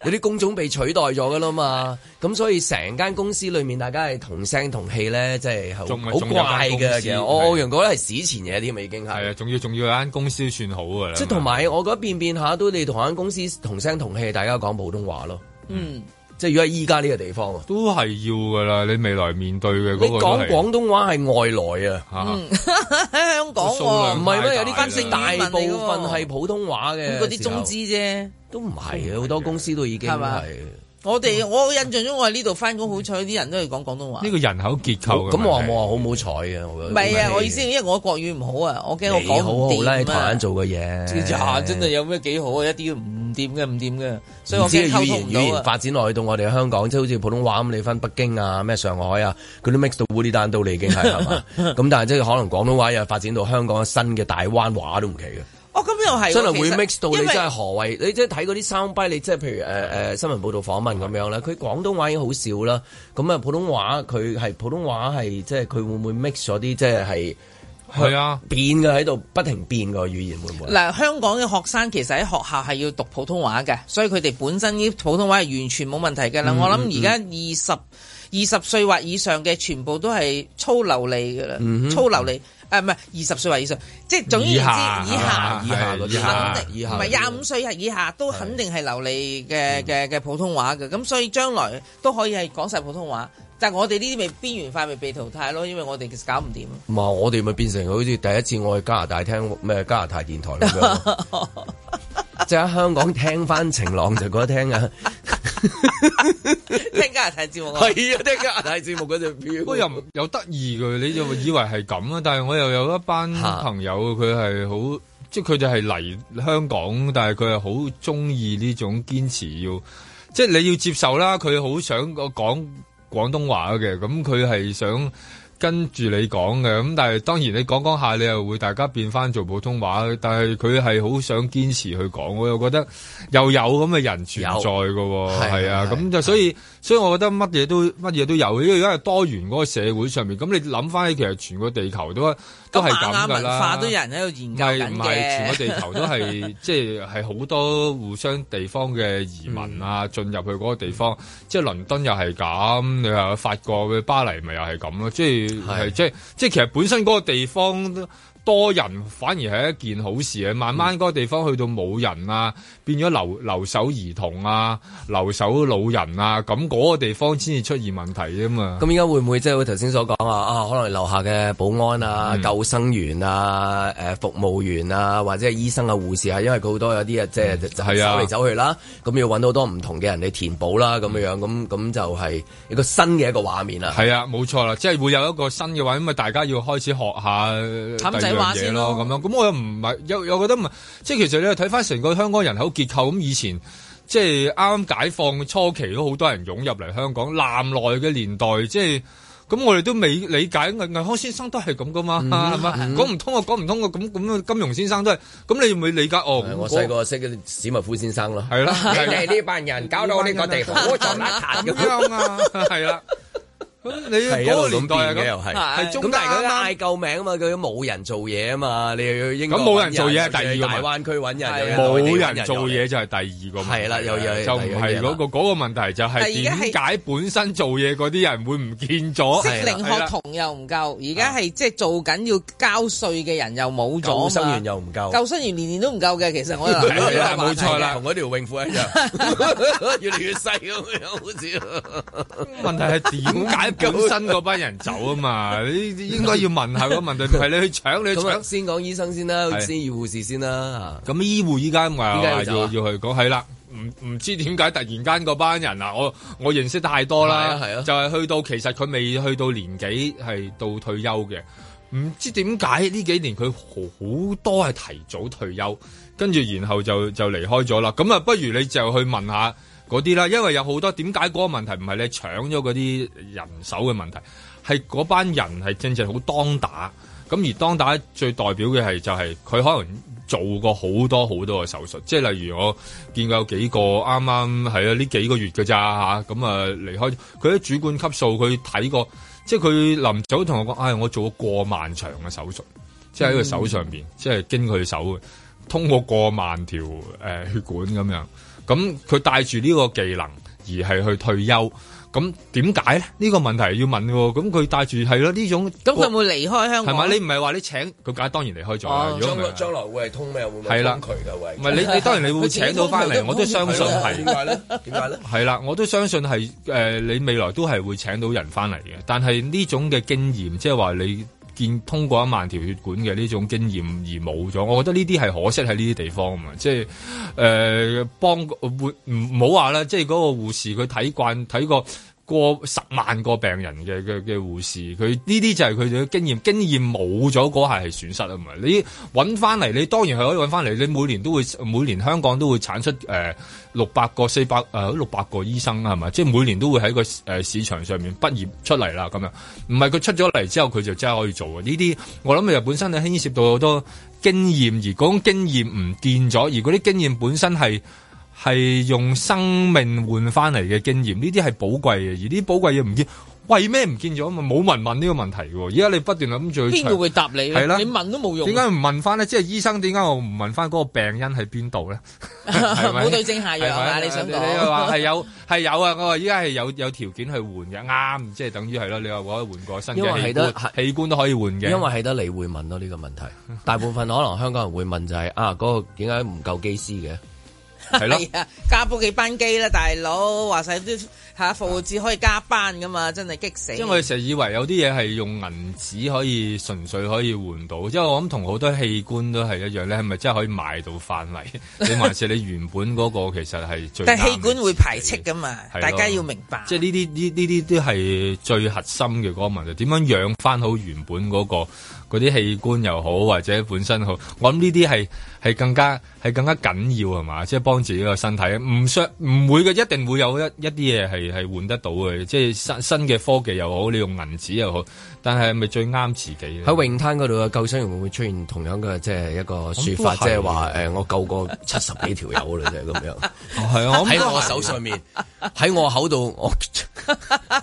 有啲工種被取代咗噶啦嘛。咁所以成間公司裏面大家係同聲同氣咧，即係好怪嘅。其實我覺得係史前嘢添啊，已經係。係啊，仲要仲要，有間公司算好噶啦。即係同埋，我覺得變變下都你同間公司同聲同氣，大家講普通話咯。嗯。即係如果喺依家呢個地方啊，都係要噶啦，你未來面對嘅嗰個都係。你講廣東話係外來啊，喺、嗯、 *laughs* 香港、啊，唔係咩有啲分性大部分係普通話嘅，嗰啲中資啫，都唔係好多公司都已經係。是吧？我哋我印象中我喺呢度翻工，好彩啲人都係講廣東話。呢個人口結構，咁、嗯、我話冇話好唔好彩嘅，我唔係啊，我意思，因為我國語唔好啊，我驚我講唔掂啊，好啦，你、啊、台灣做嘅嘢、啊。真係有咩幾好啊？一啲都唔掂嘅，唔掂嘅，所以我驚溝通唔到啊。語言語言發展落去到我哋香港，即係好似普通話咁，你分北京啊、咩上海啊，佢都 mix 到烏哩丹都嚟，已經係係。咁但係即係可能廣東話又發展到香港新嘅大灣話都唔奇嘅。真係會 mix 到你真，真係何為？你即係睇嗰啲 soundbite，你即係譬如誒誒、呃、新聞報道訪問咁樣啦。佢廣東話已經好少啦，咁啊普通話佢係普通話係即係佢會唔會 mix 咗啲即係係係啊變嘅喺度不停變個語言會唔會？嗱、啊、香港嘅學生其實喺學校係要讀普通話嘅，所以佢哋本身啲普通話係完全冇問題嘅啦、嗯嗯。我諗而家二十。二十歲或以上嘅全部都係粗流利嘅啦、嗯，粗流利，誒唔係二十歲或以上，即係總而言之，以下以下，以下，肯定，唔係廿五歲以下都肯定係流利嘅嘅嘅普通話嘅，咁所以將來都可以係講晒普通話，但係我哋呢啲咪邊緣化咪被淘汰咯，因為我哋其實搞唔掂。唔、嗯、係我哋咪變成好似第一次我去加拿大聽咩加拿大電台就喺 *laughs* 香港聽翻晴朗就覺得聽啊。 *laughs* 聽家人睇節目係啊。聽家人睇節目嗰陣表，不過又又得意嘅，你就以為係咁啊！但係我又有一班朋友，佢係好即係佢哋係嚟香港，但係佢係好中意呢種堅持要，即係你要接受啦。佢好想講廣東話嘅，咁佢係想。跟住你講嘅咁，但係當然你講講下，你又會大家變翻做普通話。但係佢係好想堅持去講，我又覺得又有咁嘅人存在㗎喎，係啊。咁就所以，所以我覺得乜嘢都乜嘢都有，因為而家係多元嗰個社會上面，咁你諗翻起其實全個地球都。都係咁噶啦，硬硬文化都有人喺度研究。唔係全個地球都係， *laughs* 即係係好多互相地方嘅移民啊，進、嗯、入去嗰個地方。即係倫敦又係咁，你話法國嘅巴黎咪又係咁咯？即係係即係即係，其實本身嗰個地方。多人反而係一件好事啊！慢慢嗰個地方去到冇人啊，變咗留留守兒童啊、留守老人啊，咁、那、嗰個地方先至出現問題啫嘛。咁依家會唔會即係我頭先所講啊，啊？可能樓下嘅保安啊、嗯、救生員啊、誒、呃、服務員啊，或者係醫生啊、護士啊，因為佢好多有啲、呃嗯、啊，即係走嚟走去啦，咁要揾好多唔同嘅人嚟填補啦，咁樣樣咁咁就係一個新嘅一個畫面啦。係啊，冇錯啦，即係會有一個新嘅話，咁啊大家要開始學下嘢咯，咁我咁我唔係，又又覺得唔係。即係其實你睇翻成個香港人口結構，咁以前即係啱啱解放初期都好多人湧入嚟香港，南來嘅年代，即係咁我哋都未理解，魏康先生都係咁噶嘛，係、嗯、嘛？講唔通啊，講唔通啊，咁咁、啊、金庸先生都係，咁你會唔會理解？哦嗯、我細個識嘅史密夫先生咯，係啦， *laughs* 你係呢班人搞到呢個地方好陣一陣啊，係啦。你嗰個年代嘅又係，咁但係佢嗌救命啊嘛，佢都冇人做嘢啊嘛，你又要應咁冇人做嘢啊，第二個大灣區揾人冇人做嘢就係第二個，係啦，又又就唔係嗰個嗰個問題就係點解本身做嘢嗰啲人會唔見咗？適齡學童又唔夠，而家係即係做緊要交稅嘅人又冇咗啊，救生員又唔夠，救生員年年都唔夠嘅，其實我又冇錯啦，同嗰條泳褲一樣，越嚟越細咁樣好似，問題係點解？咁更新嗰班人走啊嘛， *laughs* 你應該要問下個問題，唔係 *laughs* 你去搶你去搶。先講醫生先啦，先要護士先啦。咁醫護依家話要要、啊、要，要去，講，係啦。唔唔知點解突然間嗰班人啊，我我認識太多啦、啊啊，就係、是、去到其實佢未去到年紀係到退休嘅，唔知點解呢幾年佢好多係提早退休，跟住然後就就離開咗啦。咁啊，不如你就去問下。嗰啲啦，因為有好多點解嗰個問題唔係你搶咗嗰啲人手嘅問題，係嗰班人係真正好當打。咁而當打最代表嘅係就係佢可能做過好多好多嘅手術，即係例如我見過有幾個啱啱係啊呢幾個月嘅咋吓。咁啊離開佢喺主管級數，佢睇過，即係佢臨走同我講：，唉、哎，我做過過萬場嘅手術，即係喺個手上邊、嗯，即係經佢手通過過萬條、呃、血管咁樣。咁佢帶住呢個技能而係去退休，咁點解咧？呢、呢個問題要問喎。咁佢帶住係咯呢種，咁佢會,會離開香港？係咪？你唔係話你請佢，假當然離開咗啦。將來將來會係通咩、啊？會唔會唔係、啊啊啊、你,、啊、你當然你會請到返嚟，我都相信係。點解咧？點解咧？係啦，我都相信係誒、呃，你未來都係會請到人返嚟嘅。但係呢種嘅經驗，即係話你。見通過一萬條血管嘅呢種經驗而冇咗，我覺得呢啲係可惜喺呢啲地方啊嘛，即係誒幫會唔好話啦，即係嗰個護士佢睇慣睇過過十萬個病人嘅嘅嘅護士，佢呢啲就係佢哋嘅經驗，經驗冇咗嗰下係損失啊，唔係你揾翻嚟，你當然係可以揾翻嚟，你每年都會每年香港都會產出誒六百個四百誒六百個醫生係咪，即係每年都會喺個誒市場上面畢業出嚟啦，咁樣唔係佢出咗嚟之後佢就真係可以做嘅呢啲，我諗又本身係牽涉到好多經驗，而嗰種經驗唔見咗，而嗰啲經驗本身係。係用生命換翻嚟嘅經驗，呢啲係寶貴嘅，而呢啲寶貴嘢唔見，為咩唔見咗？咪冇問問，這個問呢個問題。而家你不斷諗住，邊個會答你？你問都冇用。點解唔問翻呢？即係醫生，點解我唔問翻嗰個病因喺邊度咧？冇對症下藥啊！你想講你話係有係有啊？我話依家係有有條件去換嘅，啱，即係等於係咯。你話我可以換個新嘅器官，器官都可以換嘅。因為係得你會問咯呢個問題。 *laughs* 大部分可能香港人會問就係、是、啊，嗰、那個點解唔夠機師嘅？係咯， *laughs* 加多幾班機啦，大佬，話晒啲服貨幣可以加班噶嘛，真係激死！因為成日以為有啲嘢係用銀紙可以純粹可以換到，即係我諗同好多器官都係一樣咧，係咪真係可以買到翻嚟？ *laughs* 你話係你原本嗰個其實係最但係器官會排斥噶嘛，大家要明白。即係呢啲呢呢啲都係最核心嘅嗰個問題，點樣養翻好原本嗰個嗰啲器官又好，或者本身好？我諗呢啲係係更加係更加緊要係嘛？即係幫自己個身體唔削唔會嘅，一定會有一一啲嘢係。係換得到嘅，即係新新嘅科技又好，你用銀紙又好。但係係咪最啱自己？喺泳灘嗰度嘅救生員會唔會出現同樣嘅即係一個説法，即係話誒我救過七十幾條友咧，就係咁樣。係、哦、啊，喺我手上面，喺 *laughs* 我口度，我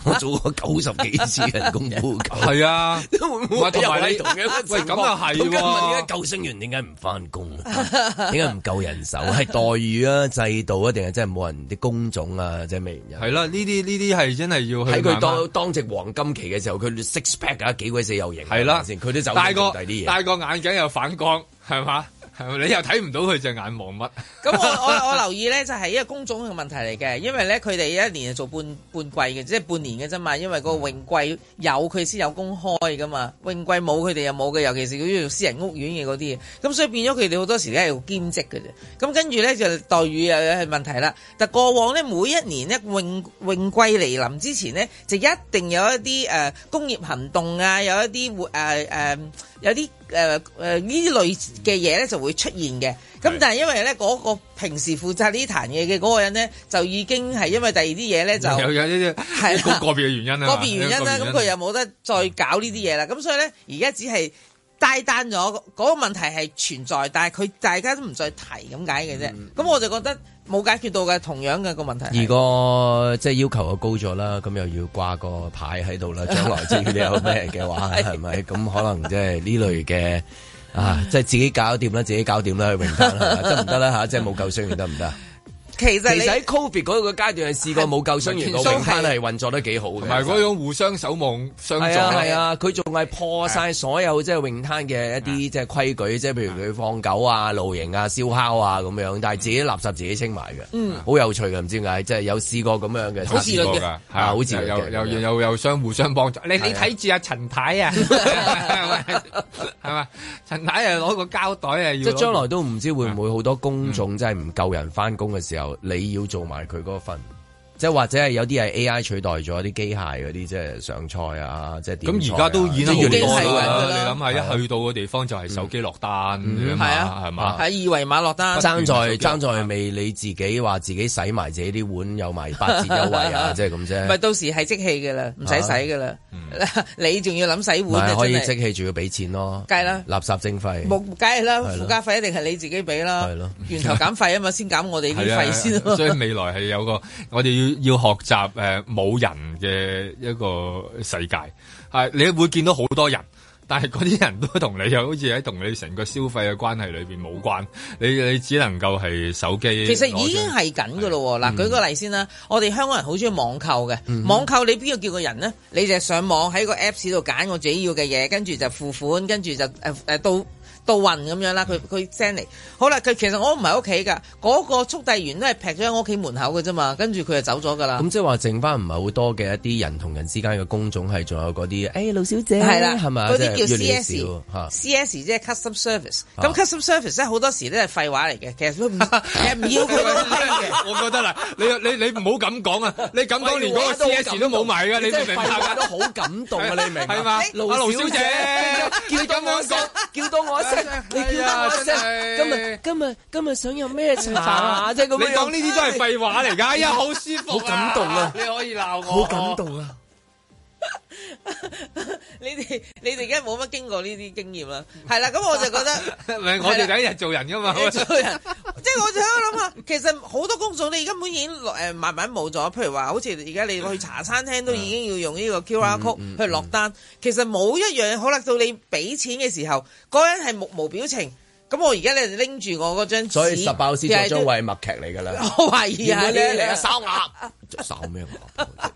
我做過九十幾次人工呼吸。係啊，同埋你同樣嘅情況。喂，咁又係喎？救生員點解唔翻工啊？點解唔夠人手？係待遇啊、制度啊，定係真係冇人啲工種啊？即係未人。係啦、啊，呢啲呢啲係真係要喺佢當當值黃金期嘅時候，佢 *laughs* 大家幾鬼死有型，係啦，佢都走唔完第啲嘢，戴個眼鏡又反光，係嘛？係你又睇唔到佢隻眼望乜 *laughs* 咁我我我留意咧，就係、是、一個工種嘅問題嚟嘅。因為咧，佢哋一年做半半季嘅，即係半年嘅啫嘛。因為個旺季有佢先有工開噶嘛，旺季冇佢哋又冇嘅。尤其是佢做私人屋苑嘅嗰啲嘢，咁所以變咗佢哋好多時咧，係要兼職嘅啫。咁跟住咧，就待遇又係問題啦。但過往咧每一年咧，旺旺季嚟臨之前咧，就一定有一啲誒、呃、工業行動啊，有一啲誒誒有啲。誒誒呢類嘅嘢咧就會出現嘅，咁但係因為咧嗰個平時負責呢壇嘢嘅嗰個人咧，就已經係因為第二啲嘢咧就有有啲係個別嘅原因啦，個別原因啦，咁佢又冇得再搞呢啲嘢啦，咁所以咧而家只係。大單咗嗰、那個問題係存在，但係佢大家都唔再提咁解嘅啫。咁、那個嗯嗯、我就覺得冇解決到嘅同樣嘅、那個問題。如果即係要求嘅高咗啦，咁又要掛個牌喺度啦。將來知佢哋有咩嘅話係咪咁可能即係呢類嘅啊，即係自己搞掂啦，自己搞掂啦，去名得唔得啦吓即係冇救星，得唔得？其實你喺 Covid 嗰個階段，係試過冇救生員，個泳灘係運作得幾好嘅，同埋嗰種互相守望、相助。係啊佢仲係破晒所有即係泳灘嘅一啲即係規矩，即係、啊、譬如佢放狗啊、露營啊、燒、啊、烤啊咁樣，但係自己垃圾自己清埋嘅，好、嗯、有趣嘅，唔知點解，即、就、係、是、有試過咁樣嘅，好、嗯、似過噶，係啊，又又又又相互相幫助。啊、你睇住阿陳太啊，係 *laughs* 咪？ *laughs* 陳太啊，攞個膠袋啊，即係將來都唔知會唔會好多公眾即係唔夠人翻工嘅時候。你要做埋佢嗰份。即係或者係有啲係 A.I. 取代咗啲機械嗰啲，即係上菜啊，即係點菜咁而家都已經有好多啦。你諗下、啊，一去到嘅地方就係手機落單，係、嗯、啊，係嘛？喺二維碼落單，爭在爭在未你自己話自己洗埋自己啲碗，有埋八折優惠啊，即係咁啫。到時係即棄嘅啦，唔使洗嘅啦。啊、 *laughs* 你仲要諗洗碗啊？係可以即棄，仲要俾錢咯。梗係啦，垃圾徵費。梗係啦，附加、啊、費一定係你自己俾啦。係咯、啊，源頭減費啊嘛，先減我哋啲費先、啊。所以未來係有個我哋要。要學習誒，冇、呃、人嘅一個世界，係你會見到好多人，但係嗰啲人都同你又好似喺同你成個消費嘅關係裏邊冇關，你你只能夠係手機。其實已經係緊噶咯，嗱、嗯、舉個例先啦，我哋香港人好中意網購嘅、嗯，網購你邊個叫個人呢？你就係上網喺個 Apps 度揀我自己要嘅嘢，跟住就付款，跟住就誒誒、啊啊、到。到運咁樣啦，佢佢 send 嚟，好啦，佢其實我唔喺屋企噶，嗰、那個速遞員都係劈咗喺我屋企門口㗎啫嘛，跟住佢就走咗噶啦。咁即係話剩返唔係好多嘅一啲人同人之間嘅工種係，仲有嗰啲哎，盧小姐係啦，係咪嗰啲叫 CS，CS 即係 custom service、啊。咁 custom service 咧好多時都係廢話嚟嘅，其實都唔 *laughs* 其實唔要佢 *laughs* 我覺得啦，你你你唔好咁講啊，你咁講連嗰個 C S 都冇埋噶，你唔明白都好感動啊， *laughs* 你明係嘛？盧小姐 *laughs* 叫到我，叫到我 *laughs* 你叫得我今日 *laughs* 今日今日想有咩茶啊？即啫咁你講呢啲都係廢話嚟噶， *laughs* 哎、呀好舒服、啊，好感動啊！你可以鬧我，好感動啊！ *laughs* 你哋你哋而家冇乜經過呢啲經驗啦，係 *laughs* 啦，咁我就覺得， *laughs* 我哋第一日做人噶嘛，即 *laughs* 係做人 *laughs* 我就喺度諗下，其實好多工種你根本已經誒慢慢冇咗，譬如話好似而家你去茶餐廳都已經要用呢個 QR code 去落單，嗯嗯嗯、其實冇一樣，可能到你俾錢嘅時候，嗰人係目無表情，咁我而家你拎住我嗰張紙，所以十八號先就將為默劇嚟噶啦， *laughs* 我懷疑啊，要要你嚟個手鴨，手咩、啊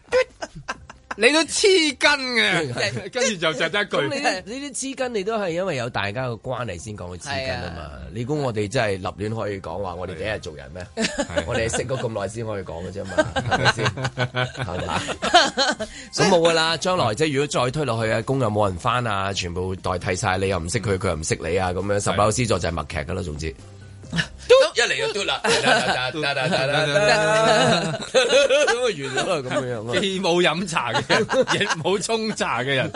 *laughs* *laughs* 你都黐筋嘅，跟住就是、就得一句。咁、就是、你呢啲黐筋，你，你都係因為有大家嘅關係先講佢黐筋啊嘛。啊你估我哋真係立亂可以講話，我哋幾日做人咩？我哋識咗咁耐先可以講嘅啫嘛，係咪先？係咪？咁冇噶啦，將 *laughs* *laughs* 來即係如果再推落去啊， *laughs* 工又冇人翻啊，全部代替晒，你又唔識佢，佢、嗯、又唔識你啊，咁樣十樓絲座就係默劇噶啦，總之。嘟一嚟就嘟啦，咁原來都係咁樣，既冇飲茶嘅人，亦冇沖茶嘅人，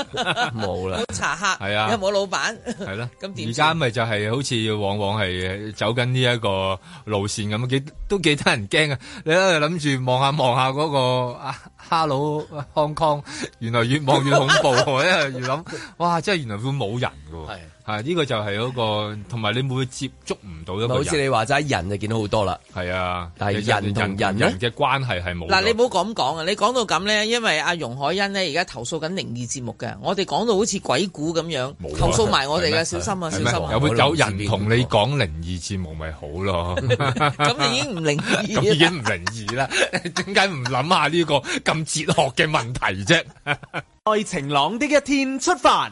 冇啦，冇茶客係啊，冇老闆，係啦，咁而家咪就係好似往往係走緊呢一個路線咁，幾都幾得人驚啊！你喺度諗住望下望下嗰個啊，Hello Hong Kong，原來越望越恐怖，我喺度諗，哇，真係原來會冇人嘅，係。係、啊、呢、這個就係嗰、那個，同埋你會接觸唔到好似你話齋，人就見到好多啦。係啊，但係人同人嘅人關係係冇。嗱、啊，你唔好咁講啊！你講到咁咧，因為阿容海恩呢而家投訴緊靈異節目嘅。我哋講到好似鬼故咁樣、啊，投訴埋我哋嘅，小心啊，小心啊！有冇有人同你講靈異節目咪好咯？ *laughs* 咁你已經唔靈異，咁 *laughs* 已經唔靈異啦？點解唔諗下呢個咁哲學嘅問題啫？在 *laughs* 晴朗的一天出發。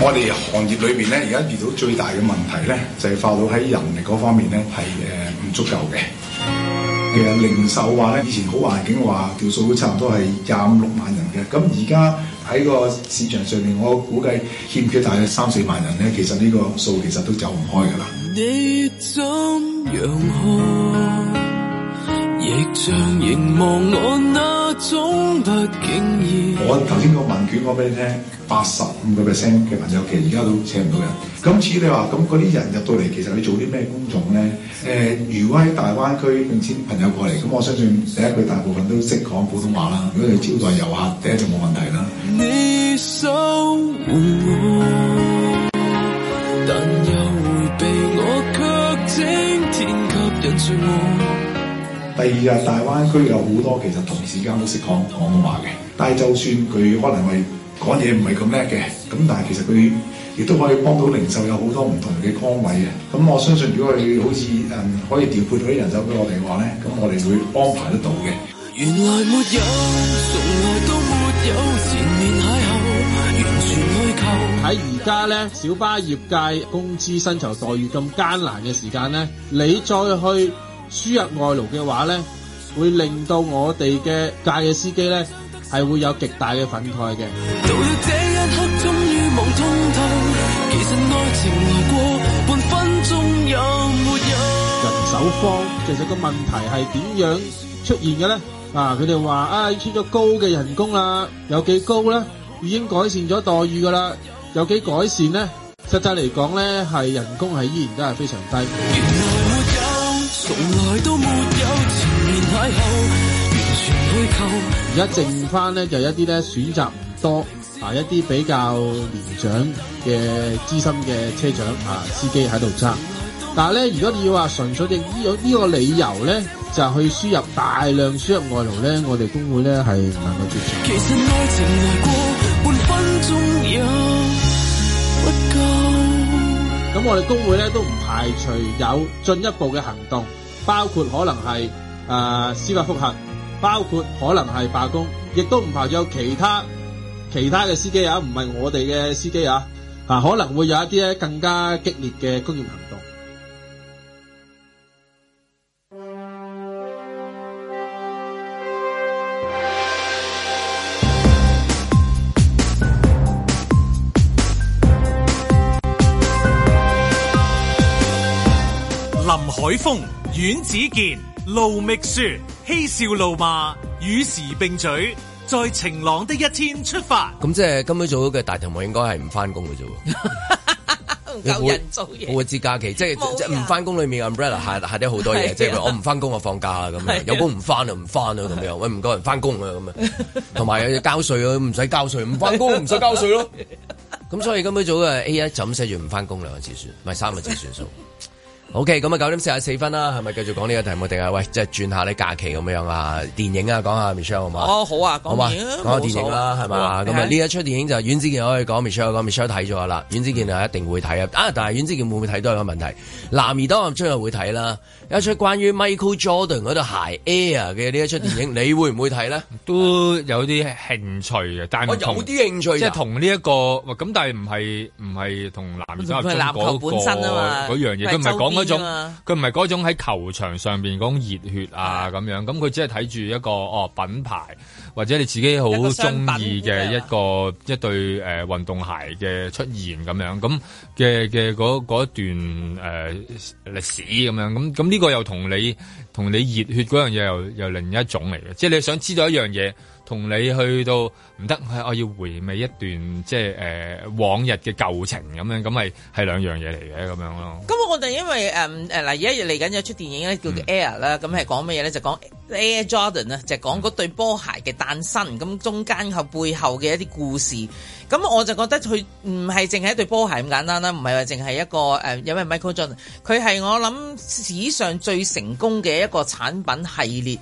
我哋行業裏邊咧，而家遇到最大嘅問題咧，就係、是、化到喺人力嗰方面咧係誒唔足夠嘅。其、呃、實零售話咧，以前好環境話，條數都差唔多係廿五六萬人嘅。咁而家喺個市場上面，我估計欠缺大約三四萬人咧。其實呢個數其實都走唔開噶啦。凝望我那種不經意。我頭先個問卷講俾你聽，八十五個 percent 嘅朋友其實而家都請唔到人。咁至於你話，咁嗰啲人入到嚟，其實你做啲咩工種咧？誒，如果喺大灣區，而且朋友過嚟，咁我相信第一，佢大部分都識講普通話啦。如果你招待遊客，第一就冇問題啦。第二啊，大灣區有好多其實同事間都識講廣東話嘅，但係就算佢可能係講嘢唔係咁叻嘅，咁但係其實佢亦都可以幫到零售有好多唔同嘅崗位嘅。咁我相信如果佢好似嗯可以調配到啲人手俾我哋嘅話咧，咁我哋會安排得到嘅。原來沒有，從來都沒有都喺而家咧，小巴業界工資薪酬待遇咁艱難嘅時間咧，你再去。輸入外勞嘅話咧，會令到我哋嘅界嘅司機咧係會有極大嘅憤慨嘅。人手荒，其實個問題係點樣出現嘅咧？啊，佢哋話啊，出咗高嘅人工啦，有幾高咧？已經改善咗待遇噶啦，有幾改善咧？實際嚟講咧，係人工係依然都係非常低。而家剩翻咧就一啲咧選擇唔多，啊一啲比較年長嘅資深嘅車長啊司機喺度揸，但係咧如果你要話純粹用呢個理由咧，就去輸入大量輸入外勞咧，我哋工會咧係唔能夠接受。咁我哋工會咧都唔排除有進一步嘅行動。包括可能係啊司法覆核，包括可能係罷工，亦都唔排除有其他其他嘅司機，司機啊，唔係我哋嘅司機啊，啊可能會有一啲咧更加激烈嘅工業行動。林海峰。阮子健、盧覓雪、嬉笑怒罵與時並舉，在晴朗的一天出發。咁即係今朝早嘅大題目應該係唔翻工嘅啫，唔 *laughs* 夠人做嘢。過節 *laughs* 假期即係即係唔翻工裏面 *laughs* Umbrella 下下啲好多嘢、啊，即係我唔翻工，我放假啊咁樣，有工唔翻啊，唔翻啊咁樣。喂，唔夠人翻工啊咁啊，同埋又要交稅啊，唔使 *laughs* 交稅，唔翻工唔使交稅咯。咁所以今朝早嘅 A 一就咁寫住唔翻工兩個字算，唔係三個字算數。 *laughs* OK，咁啊九點四十四分啦，係咪繼續講呢個題目定係？喂，即係轉下你假期咁樣啊，電影啊，講下 Michelle 好嗎？哦，好啊，講電影，講下電影啦，係咪？咁啊呢一出電影就係阮子健可以講，Michelle 講，Michelle 睇咗啦，阮子健啊一定會睇啊，但係阮子健會唔會睇都係個問題。男兒當出會睇啦，一出關於 Michael Jordan 嗰對鞋 Air 嘅呢一出電影， *laughs* 你會唔會睇呢？都有啲興趣嘅，但係唔同，哦，有啲興趣，即係同呢一個咁，但係唔係唔係同男兒當、嗰個、籃球本身啊，嗰樣嘢，都唔係講佢唔係嗰種喺球場上邊嗰種熱血啊咁樣，咁佢只係睇住一個哦品牌或者你自己好中意嘅一個,一,個一對誒、呃、運動鞋嘅出現咁樣，咁嘅嘅嗰嗰段誒、呃、歷史咁樣，咁咁呢個又同你同你熱血嗰樣嘢又又另一種嚟嘅，即係你想知道一樣嘢。同你去到唔得，我要回味一段即係誒、呃、往日嘅舊情咁樣，咁咪係兩樣嘢嚟嘅咁樣咯。咁、嗯、我哋因為誒誒嗱，而家又嚟緊有出電影咧，叫做 Air 啦、嗯，咁係講乜嘢咧？就講 Air Jordan 啊，就講嗰對波鞋嘅誕生，咁、嗯、中間及背後嘅一啲故事。咁我就覺得佢唔係淨係一對波鞋咁簡單啦，唔係話淨係一個誒，咩、呃、Michael Jordan，佢係我諗史上最成功嘅一個產品系列。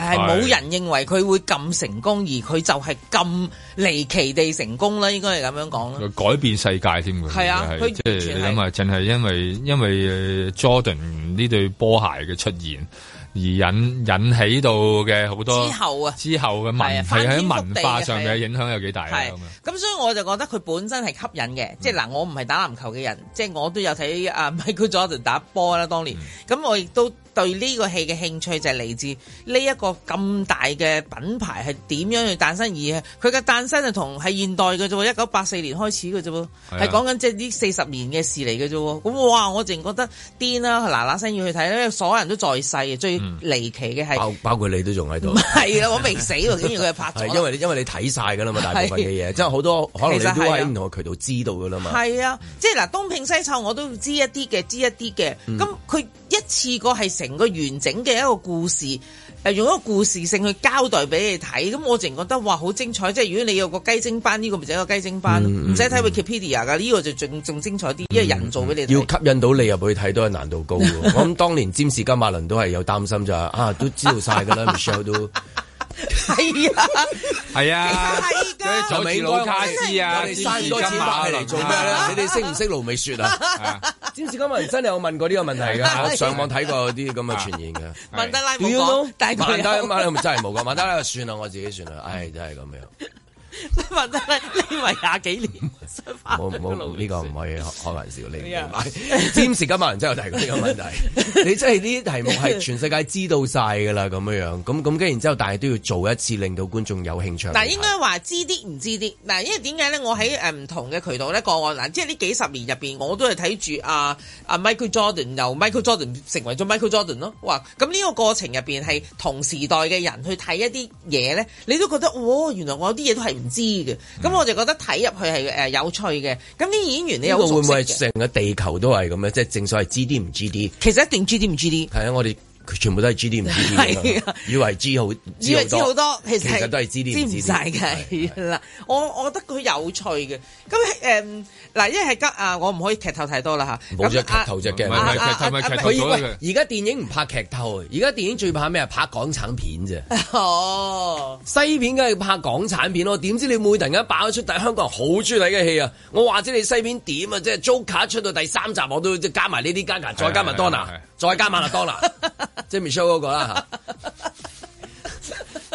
係冇人認為佢會咁成功，而佢就係咁離奇地成功啦。應該係咁樣講咯。改變世界添，佢係啊，即係、就是、你諗下，淨係因為因為 Jordan 呢對波鞋嘅出現而引引起到嘅好多之後啊，之後嘅文係喺文化上面嘅影響有幾大咧？咁、啊啊啊、所以我就覺得佢本身係吸引嘅，即係嗱，我唔係打籃球嘅人，即、就、係、是、我都有睇阿 Michael 佢 Jordan 打波啦。當年咁、嗯、我亦都。對呢個戲嘅興趣就係嚟自呢一個咁大嘅品牌係點樣去誕生而佢嘅誕生就同係現代嘅啫，一九八四年開始嘅啫喎，係講緊即係呢四十年嘅事嚟嘅啫喎。咁哇，我淨覺得癲啦，嗱嗱聲要去睇，因為所有人都在世，最離奇嘅係包，包括你都仲喺度，係啦，我未死喎，竟 *laughs* 然佢拍咗，因為因為你睇晒㗎啦嘛，大部分嘅嘢即係好多可能你喺唔同嘅渠道、啊、知道㗎啦嘛，係啊，即係嗱東拼西湊我都知一啲嘅，知一啲嘅，咁、嗯、佢一次過係成個完整嘅一個故事，誒用一個故事性去交代俾你睇，咁我淨係覺得哇好精彩！即係如果你有個雞精班呢個，咪就係一個雞精班，唔使睇 Wikipedia 噶，呢個就仲仲精、嗯嗯這個、精彩啲，因、嗯、為、這個、人做俾你，要吸引到你入去睇都係難度高。 *laughs* 我諗當年詹士金馬倫都係有擔心就啊，都知道晒噶啦，Michelle 都。 *laughs* 係 *laughs* *laughs* *laughs* 是 *laughs* *laughs* 啊，係啊，嗰美老卡斯啊，你嘥咁多錢落嚟做咩咧？你哋識唔識盧美雪啊？詹士今日真係有問過呢個問題㗎、啊， *laughs* 我上網睇過啲咁嘅傳言㗎。曼德拉無講，萬德啊嘛，你真係冇講，曼德啊算啦，我自己算啦，唉、哎，真係咁樣。 *laughs* 你話真係匿廿幾年，唔好唔好呢個唔可以開玩笑， *laughs* 你唔別買。詹 *laughs* 姆士今日然之後提過呢個問題， *laughs* 你真係呢啲題目係全世界知道晒噶啦，咁樣樣，咁咁跟然之後，但係都要做一次，令到觀眾有興趣。但係，應該話知啲唔知啲。嗱，因為點解咧？我喺誒唔同嘅渠道咧個案。嗱，即係呢幾十年入邊，我都係睇住阿阿 Michael Jordan 由 Michael Jordan 成為咗 Michael Jordan 咯。哇！咁呢個過程入邊係同時代嘅人去睇一啲嘢咧，你都覺得，哦，原來我啲嘢都係。唔知嘅，咁我就覺得睇入去係誒有趣嘅。咁啲演員你有冇？會唔會成個地球都係咁樣？即係正所謂「G D 唔 G D」，其實一定「G D 唔 G D」。係啊，我哋。佢全部都係知啲唔知啲，以為知好，以為知好多，其實是都係知啲唔知啲嘅啦，我我覺得佢有趣嘅。咁誒嗱，一、um, 係吉啊，我唔可以劇透太多啦嚇。冇啫、啊，劇透只嘅，唔係、啊啊、劇透，唔、啊、係劇透咗嘅。而、啊、家電影唔拍劇透，而家電影最怕咩啊？拍港產片啫。哦，西片梗係拍港產片咯，點知你會突然間爆咗出，但係香港人好中意睇嘅戲啊？我話知你西片點啊？即係《Joker》出到第三集，我都即加埋呢啲加再加埋多娜，再加埋多娜，即係 Michelle 嗰、那個啦吓，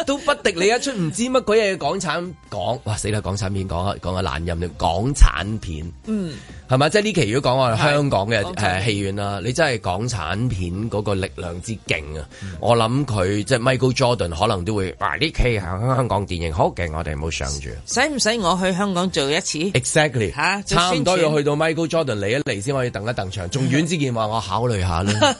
*laughs* 都不敵你一出唔知乜鬼嘢港產港，哇死啦！港產片講講下難音啲港產片，嗯，係咪？即係呢期如果講我哋香港嘅誒戲院啦，你真係港產片嗰個力量之勁啊！嗯、我諗佢即係 Michael Jordan 可能都會哇！呢期香香港電影好勁，我哋唔好上住，使唔使我去香港做一次？Exactly 吓、啊，差唔多要去到 Michael Jordan 嚟一嚟先可以登一登場。仲遠之見話我考慮下啦。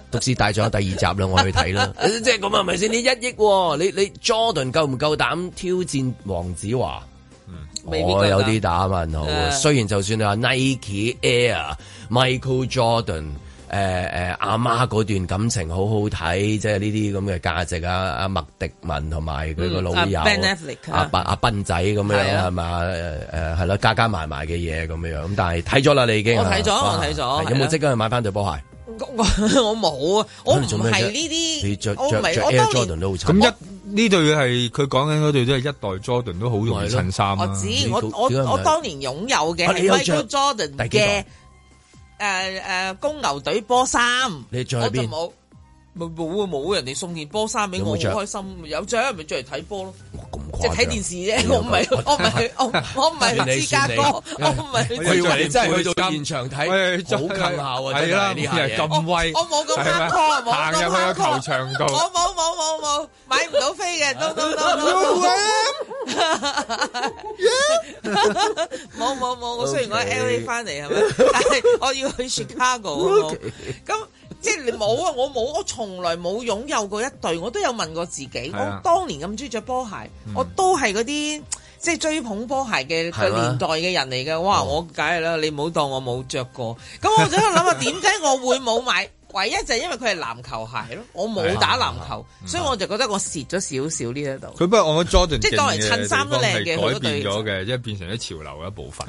*laughs* 先帶咗第二集啦，我去睇啦。即係咁啊，咪先？你一億、啊，你你 Jordan 夠唔夠膽挑戰黃子華，嗯？我有啲打問號、嗯。雖然就算你話 Nike Air Michael Jordan，誒、呃、誒、呃、阿媽嗰段感情好好睇，即係呢啲咁嘅價值啊。阿麥迪文同埋佢個老友阿、嗯啊啊、阿斌仔咁樣係咪？誒、嗯、係、啊、加加埋埋嘅嘢，咁樣，咁但係睇咗啦，你已經、嗯啊、我睇咗，睇咗、啊，有冇即刻去買翻對波鞋？我我冇啊！我唔係呢啲，我唔係我當然都好。咁一呢對係佢講緊嗰對都係一代 Jordan 都好容易襯襯衫啊！我指我我我當年擁有嘅 Michael Jordan 嘅誒誒公牛隊波衫，我冇。咪冇啊，冇，人哋送件波衫俾我，我好開心。有著咪著嚟睇波咯，即係睇電視啫。我唔係我唔係我我唔係去芝加哥，我唔係。你真係去到現場睇，好近下啊！係啦，咁威。我冇咁差波係冇，行入去個球場度。我冇冇冇冇買唔到飛嘅，都都都都。Yo，em，冇冇冇。雖然我喺 LA 翻嚟係咪？但係我要去 Chicago，好冇？咁。 *laughs* 即係你冇啊！我冇，我從來冇擁有過一對。我都有問過自己，啊、我當年咁中意着波鞋、嗯，我都係嗰啲即係追捧波鞋嘅年代嘅人嚟嘅。哇！嗯、我梗係啦，你唔好當我冇着過。咁我喺度諗下點解我會冇買。 *laughs* 唯一就係因為佢係籃球鞋咯，我冇打籃球，所以我就覺得我蝕咗少少呢一度。佢、嗯、不過我覺得 Jordan 即係當係襯衫都靚嘅改變咗嘅，即係變成咗潮流嘅一部分。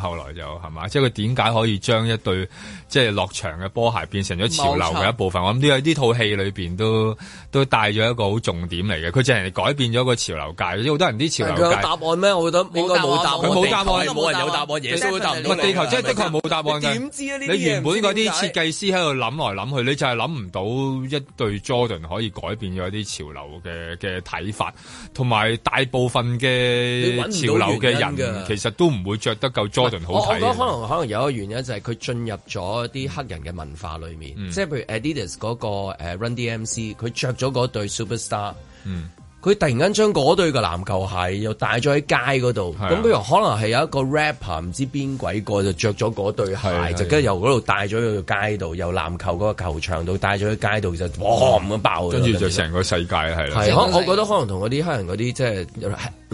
後來就係嘛，即係佢點解可以將一對即係落場嘅波鞋變成咗潮流嘅一部分？我諗呢呢套戲裏邊都都帶咗一個好重點嚟嘅。佢淨係改變咗個潮流界，因為好多人啲潮流界有答案咩？我覺得應該冇答案，佢冇答案，冇人有答案嘅。地球真係的確冇答案嘅。點知呢？你原本嗰啲設計師喺度諗來諗，你就係諗唔到一對 Jordan 可以改變咗啲潮流嘅嘅睇法，同埋大部分嘅潮流嘅人其實都唔會著得夠 Jordan 好睇。我覺得可能可能有一個原因就係佢進入咗啲黑人嘅文化裏面，嗯、即係譬如 Adidas 嗰個 Run DMC，佢著咗嗰對 Superstar、嗯。佢突然間將嗰對嘅籃球鞋又帶咗喺街嗰度，咁佢、啊、如可能係有一個 rapper 唔知邊鬼個就着咗嗰對鞋，就跟住由嗰度帶咗去街度，由籃球嗰個球場度帶咗去街度、啊啊，就哇，咁爆，跟住就成個世界係、啊啊啊。我覺得可能同嗰啲黑人嗰啲即係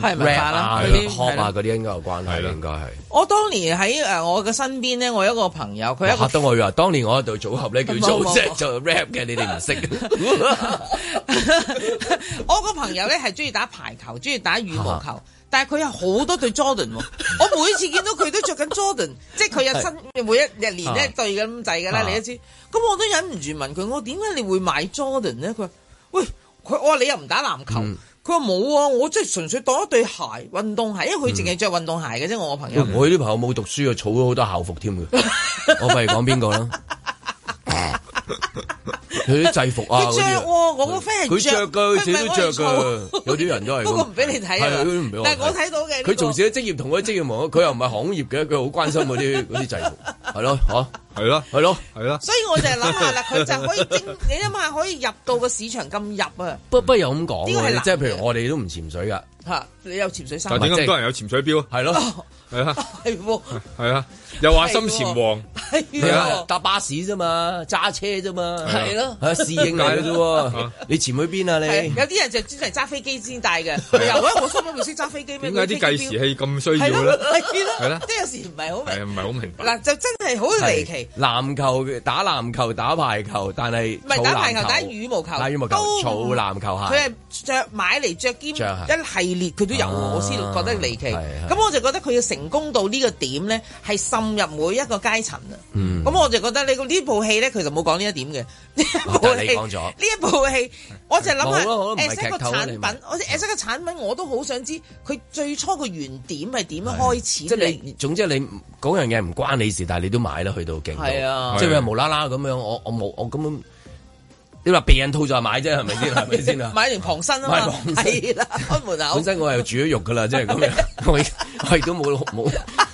rap 啦黑啦，嗰啲、啊、應該有關係，啊應啊、我當年喺我嘅身邊呢，我有一個朋友，佢嚇到我以為當年我一隊組合咧叫做，即係、做 rap 嘅， *laughs* 你哋唔識。 *laughs* *laughs* 我個朋友然後咧係中意打排球，中意打羽毛球，是啊、但係佢有好多對 Jordan，、啊、 *laughs* 我每次見到佢都着緊 Jordan， *laughs* 即係佢有新每一日連一對咁製噶啦，你都知。咁、啊、我都忍唔住問佢：我點解你會買 Jordan 咧？佢話：喂，佢我話你又唔打籃球，佢話冇啊，我即係純粹當一對鞋，運動鞋，因為佢淨係着運動鞋嘅啫。我朋友、嗯，我啲朋友冇讀書啊，儲咗好多校服添嘅。 *laughs* 我不如講邊個啦。佢 *laughs* 啲制服啊，佢着喎，我個 friend 係佢着噶，佢自己都着噶，有啲人都係。 *laughs* 不過唔俾你睇，啊，係唔俾我，但係我睇到嘅，佢從，這個、事啲職業同佢啲職業忙，佢又唔係行業嘅，佢好關心嗰啲啲制服，係咯吓，係咯係咯係咯。所以我就係諗下啦，佢就可以你諗下可以入到個市場咁入啊、嗯。不不，如咁講，即係譬如我哋都唔潛水噶吓，啊，你有潛水衫，但係好多人有潛水表，係咯，係 *laughs* 啊是的，係 *laughs* 啊，又話深潛王。 *laughs* 係啊，搭巴士啫嘛，揸車啫嘛，係咯，侍應嚟嘅啫。你潛去邊啊你？你有啲人就專程揸飛機先戴嘅。有啊、哎，我心諗唔識揸飛機咩？點解啲計時器咁需要咧？係咯，啦，即有時唔係好，唔係好明白。嗱，就真係好離奇。籃球打籃球打排球，但係唔係打排球打羽毛球，打羽毛球都儲籃球鞋。佢係着買嚟着兼，一系列佢、啊、都有，我先覺得離奇。咁我就覺得佢要成功到呢個點咧，係滲入每一個階層。嗯，咁我就覺得你個呢部戲咧，佢就冇講呢一點嘅呢一部戲，呢一部戲，我就諗下，誒，一個產品，我誒，個產品，我都好想知佢最初個原點係點樣開始。即係你，總之你嗰樣嘢唔關你事，但係你都買得，去到勁。係啊，即係無啦啦咁樣，我我冇，我根本。你話避孕套再買啫，係咪先？係咪先買完旁身啊嘛，係啦，開門口！本身我係煮咗肉噶啦，即係咁樣，我 *laughs* 我亦都冇冇。 *laughs*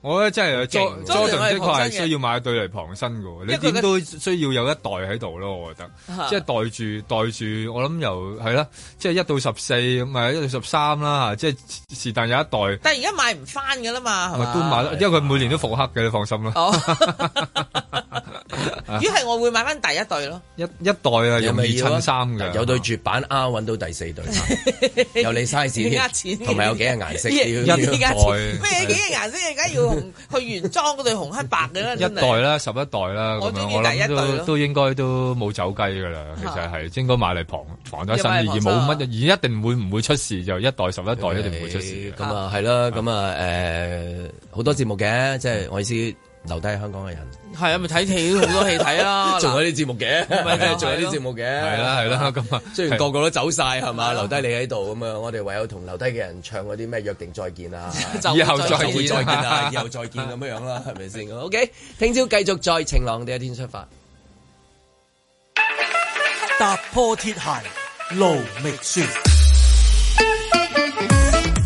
我覺得真係 Jordan 這塊係需要買對嚟傍身嘅，你點都需要有一代喺度咯。我覺得，即係袋住袋住，我諗又係啦，即係一到十四咁咪一到十三啦，即、就、係是但有一代。但係而家買唔翻㗎啦嘛，都買因為佢每年都復刻嘅，你放心啦。如果係我會買翻第一對咯，一一代襯是是啊容易襯衫㗎。有對絕版啊，搵到第四 *laughs* 對，有你 size，同埋有幾個顏色，一袋咩幾個顏色，而家要？ *laughs* 去 *laughs* 原裝嗰對紅黑白嘅、啊、一代啦，十一代啦，咁樣我諗都都應該都冇走雞噶啦、啊，其實係應該買嚟防傍咗身而冇乜，而、啊、一定會唔會出事就一代十一代一定唔會出事。咁啊，係、啊啊、啦。咁啊，誒、呃，好多節目嘅，即係、嗯、我意思。留低香港嘅人，係啊，咪睇戲好多戲睇啦、啊，仲有啲節目嘅，仲、嗯啊、有啲節目嘅，係啦係啦，咁啊，啊，啊，啊，啊，雖然個個都走晒，係嘛、啊，留低你喺度咁啊，我哋唯有同留低嘅人唱嗰啲咩約定再見啊，以後再會再見啊，以後再見咁、啊 *laughs* 啊 *laughs* 啊、 *laughs* 樣樣啦、啊，係咪先？OK，聽朝繼續再晴朗嘅一天出發，踏破鐵鞋路未絕。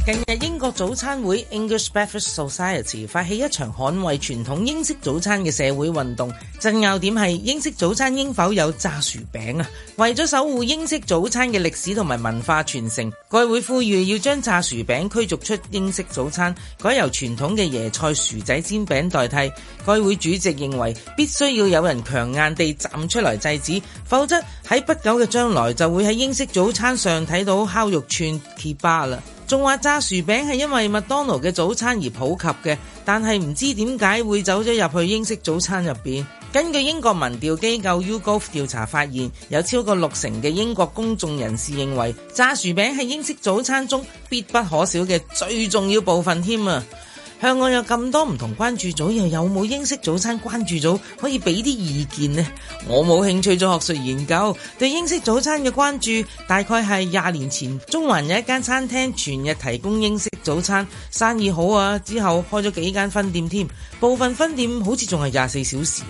近日，英國早餐會 （English Breakfast Society） 發起一場捍衛傳統英式早餐嘅社會運動。爭拗點係英式早餐應否有炸薯餅啊？為咗守護英式早餐嘅歷史同埋文化傳承，該會呼籲要將炸薯餅驅逐出英式早餐，改由傳統嘅椰菜薯仔煎餅代替。該會主席認為，必須要有人強硬地站出來制止，否則喺不久嘅將來就會喺英式早餐上睇到烤肉串、Kebab 啦。仲話炸薯餅係因為麥當勞嘅早餐而普及嘅，但係唔知點解會走咗入去英式早餐入邊。根據英國民調機構 YouGov 調查發現，有超過六成嘅英國公眾人士認為炸薯餅係英式早餐中必不可少嘅最重要部分添啊！香港有咁多唔同關注組，又有冇英式早餐關注組可以俾啲意見呢？我冇興趣做學術研究，對英式早餐嘅關注大概係廿年前，中環有一間餐廳全日提供英式早餐，生意好啊，之後開咗幾間分店添，部分分店好似仲係廿四小時。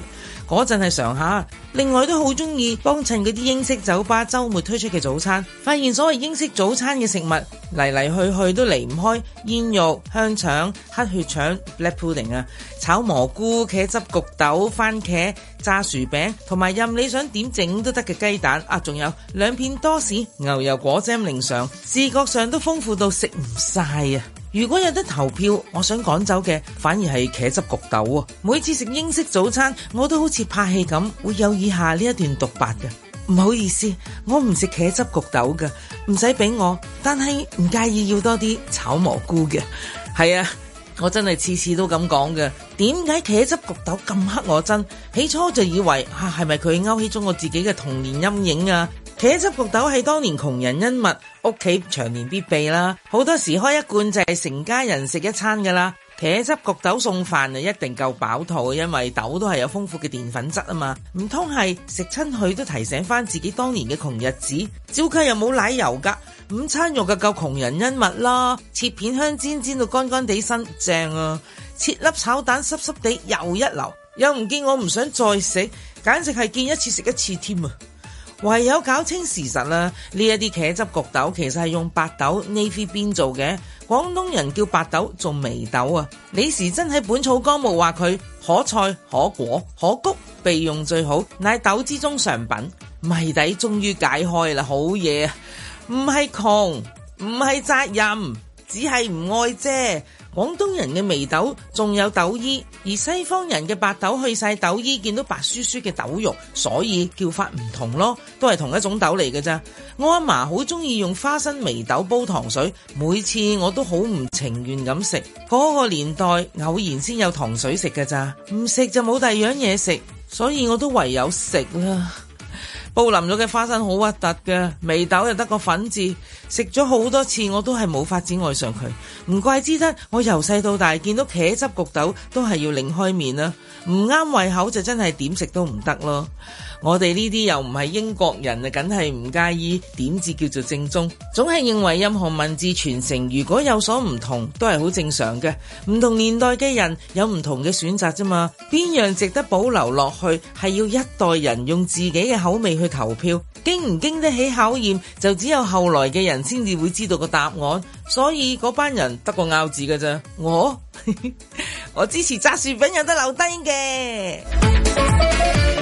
嗰陣係常下，另外都好中意幫襯嗰啲英式酒吧週末推出嘅早餐。發現所謂英式早餐嘅食物嚟嚟去去都離唔開煙肉、香腸、黑血腸、black pudding 啊，炒蘑菇、茄汁焗豆、番茄、炸薯餅，同埋任你想點整都得嘅雞蛋啊，仲有兩片多士、牛油果汁，淋上，視覺上都豐富到食唔晒。啊！如果有得投票，我想趕走嘅反而係茄汁焗豆啊！每次食英式早餐，我都好似拍戲咁，會有以下呢一段獨白嘅。唔好意思，我唔食茄汁焗豆嘅，唔使俾我，但係唔介意要多啲炒蘑菇嘅。係啊，我真係次次都咁講嘅。點解茄汁焗豆咁黑我真？起初就以為吓係咪佢勾起咗我自己嘅童年陰影啊？茄汁焗豆係當年窮人恩物，屋企長年必備啦。好多時開一罐就係、是、成家人食一餐噶啦。茄汁焗豆送飯啊，一定夠飽肚，因為豆都係有豐富嘅澱粉質啊嘛。唔通係食親去都提醒翻，自己當年嘅窮日子。朝家又冇奶油噶，午餐肉嘅，夠窮人恩物啦。切片香煎煎，煎到乾乾地身，正啊！切粒炒蛋濕濕地又一流，又唔見我唔想再食，簡直係見一次食一次添啊！唯有搞清事實啦！呢一啲茄汁焗豆其實係用白豆 Navy Bean 做嘅，廣東人叫白豆做眉豆啊！李時珍喺本草綱目話佢可菜可果可穀，備用最好，乃豆之中上品。謎底終於解開啦！好嘢，唔係窮，唔係責任，只係唔愛啫。廣東人嘅眉豆仲有豆衣，而西方人嘅白豆去晒豆衣，見到白雪雪嘅豆肉，所以叫法唔同咯，都係同一種豆嚟嘅咋。我阿嫲好中意用花生眉豆煲糖水，每次我都好唔情願咁食。嗰、那個年代偶然先有糖水食㗎，咋，唔食就冇第二樣嘢食，所以我都唯有食啦。布林咗嘅花生好核突嘅，眉豆又得個粉字。食咗好多次，我都係冇法子愛上佢，唔怪之得我由細到大見到茄汁焗豆都係要擰開面啊，唔啱胃口就真係點食都唔得咯。我哋呢啲又唔係英國人啊，梗係唔介意點至叫做正宗，總係認為任何文字傳承如果有所唔同都係好正常嘅，唔同年代嘅人有唔同嘅選擇啫嘛。邊樣值得保留落去係要一代人用自己嘅口味去投票，經唔經得起考驗就只有後來嘅人。先至會知道個答案，所以嗰班人得個拗字嘅啫。我 *laughs* 我支持炸薯餅有得留低嘅。 *music*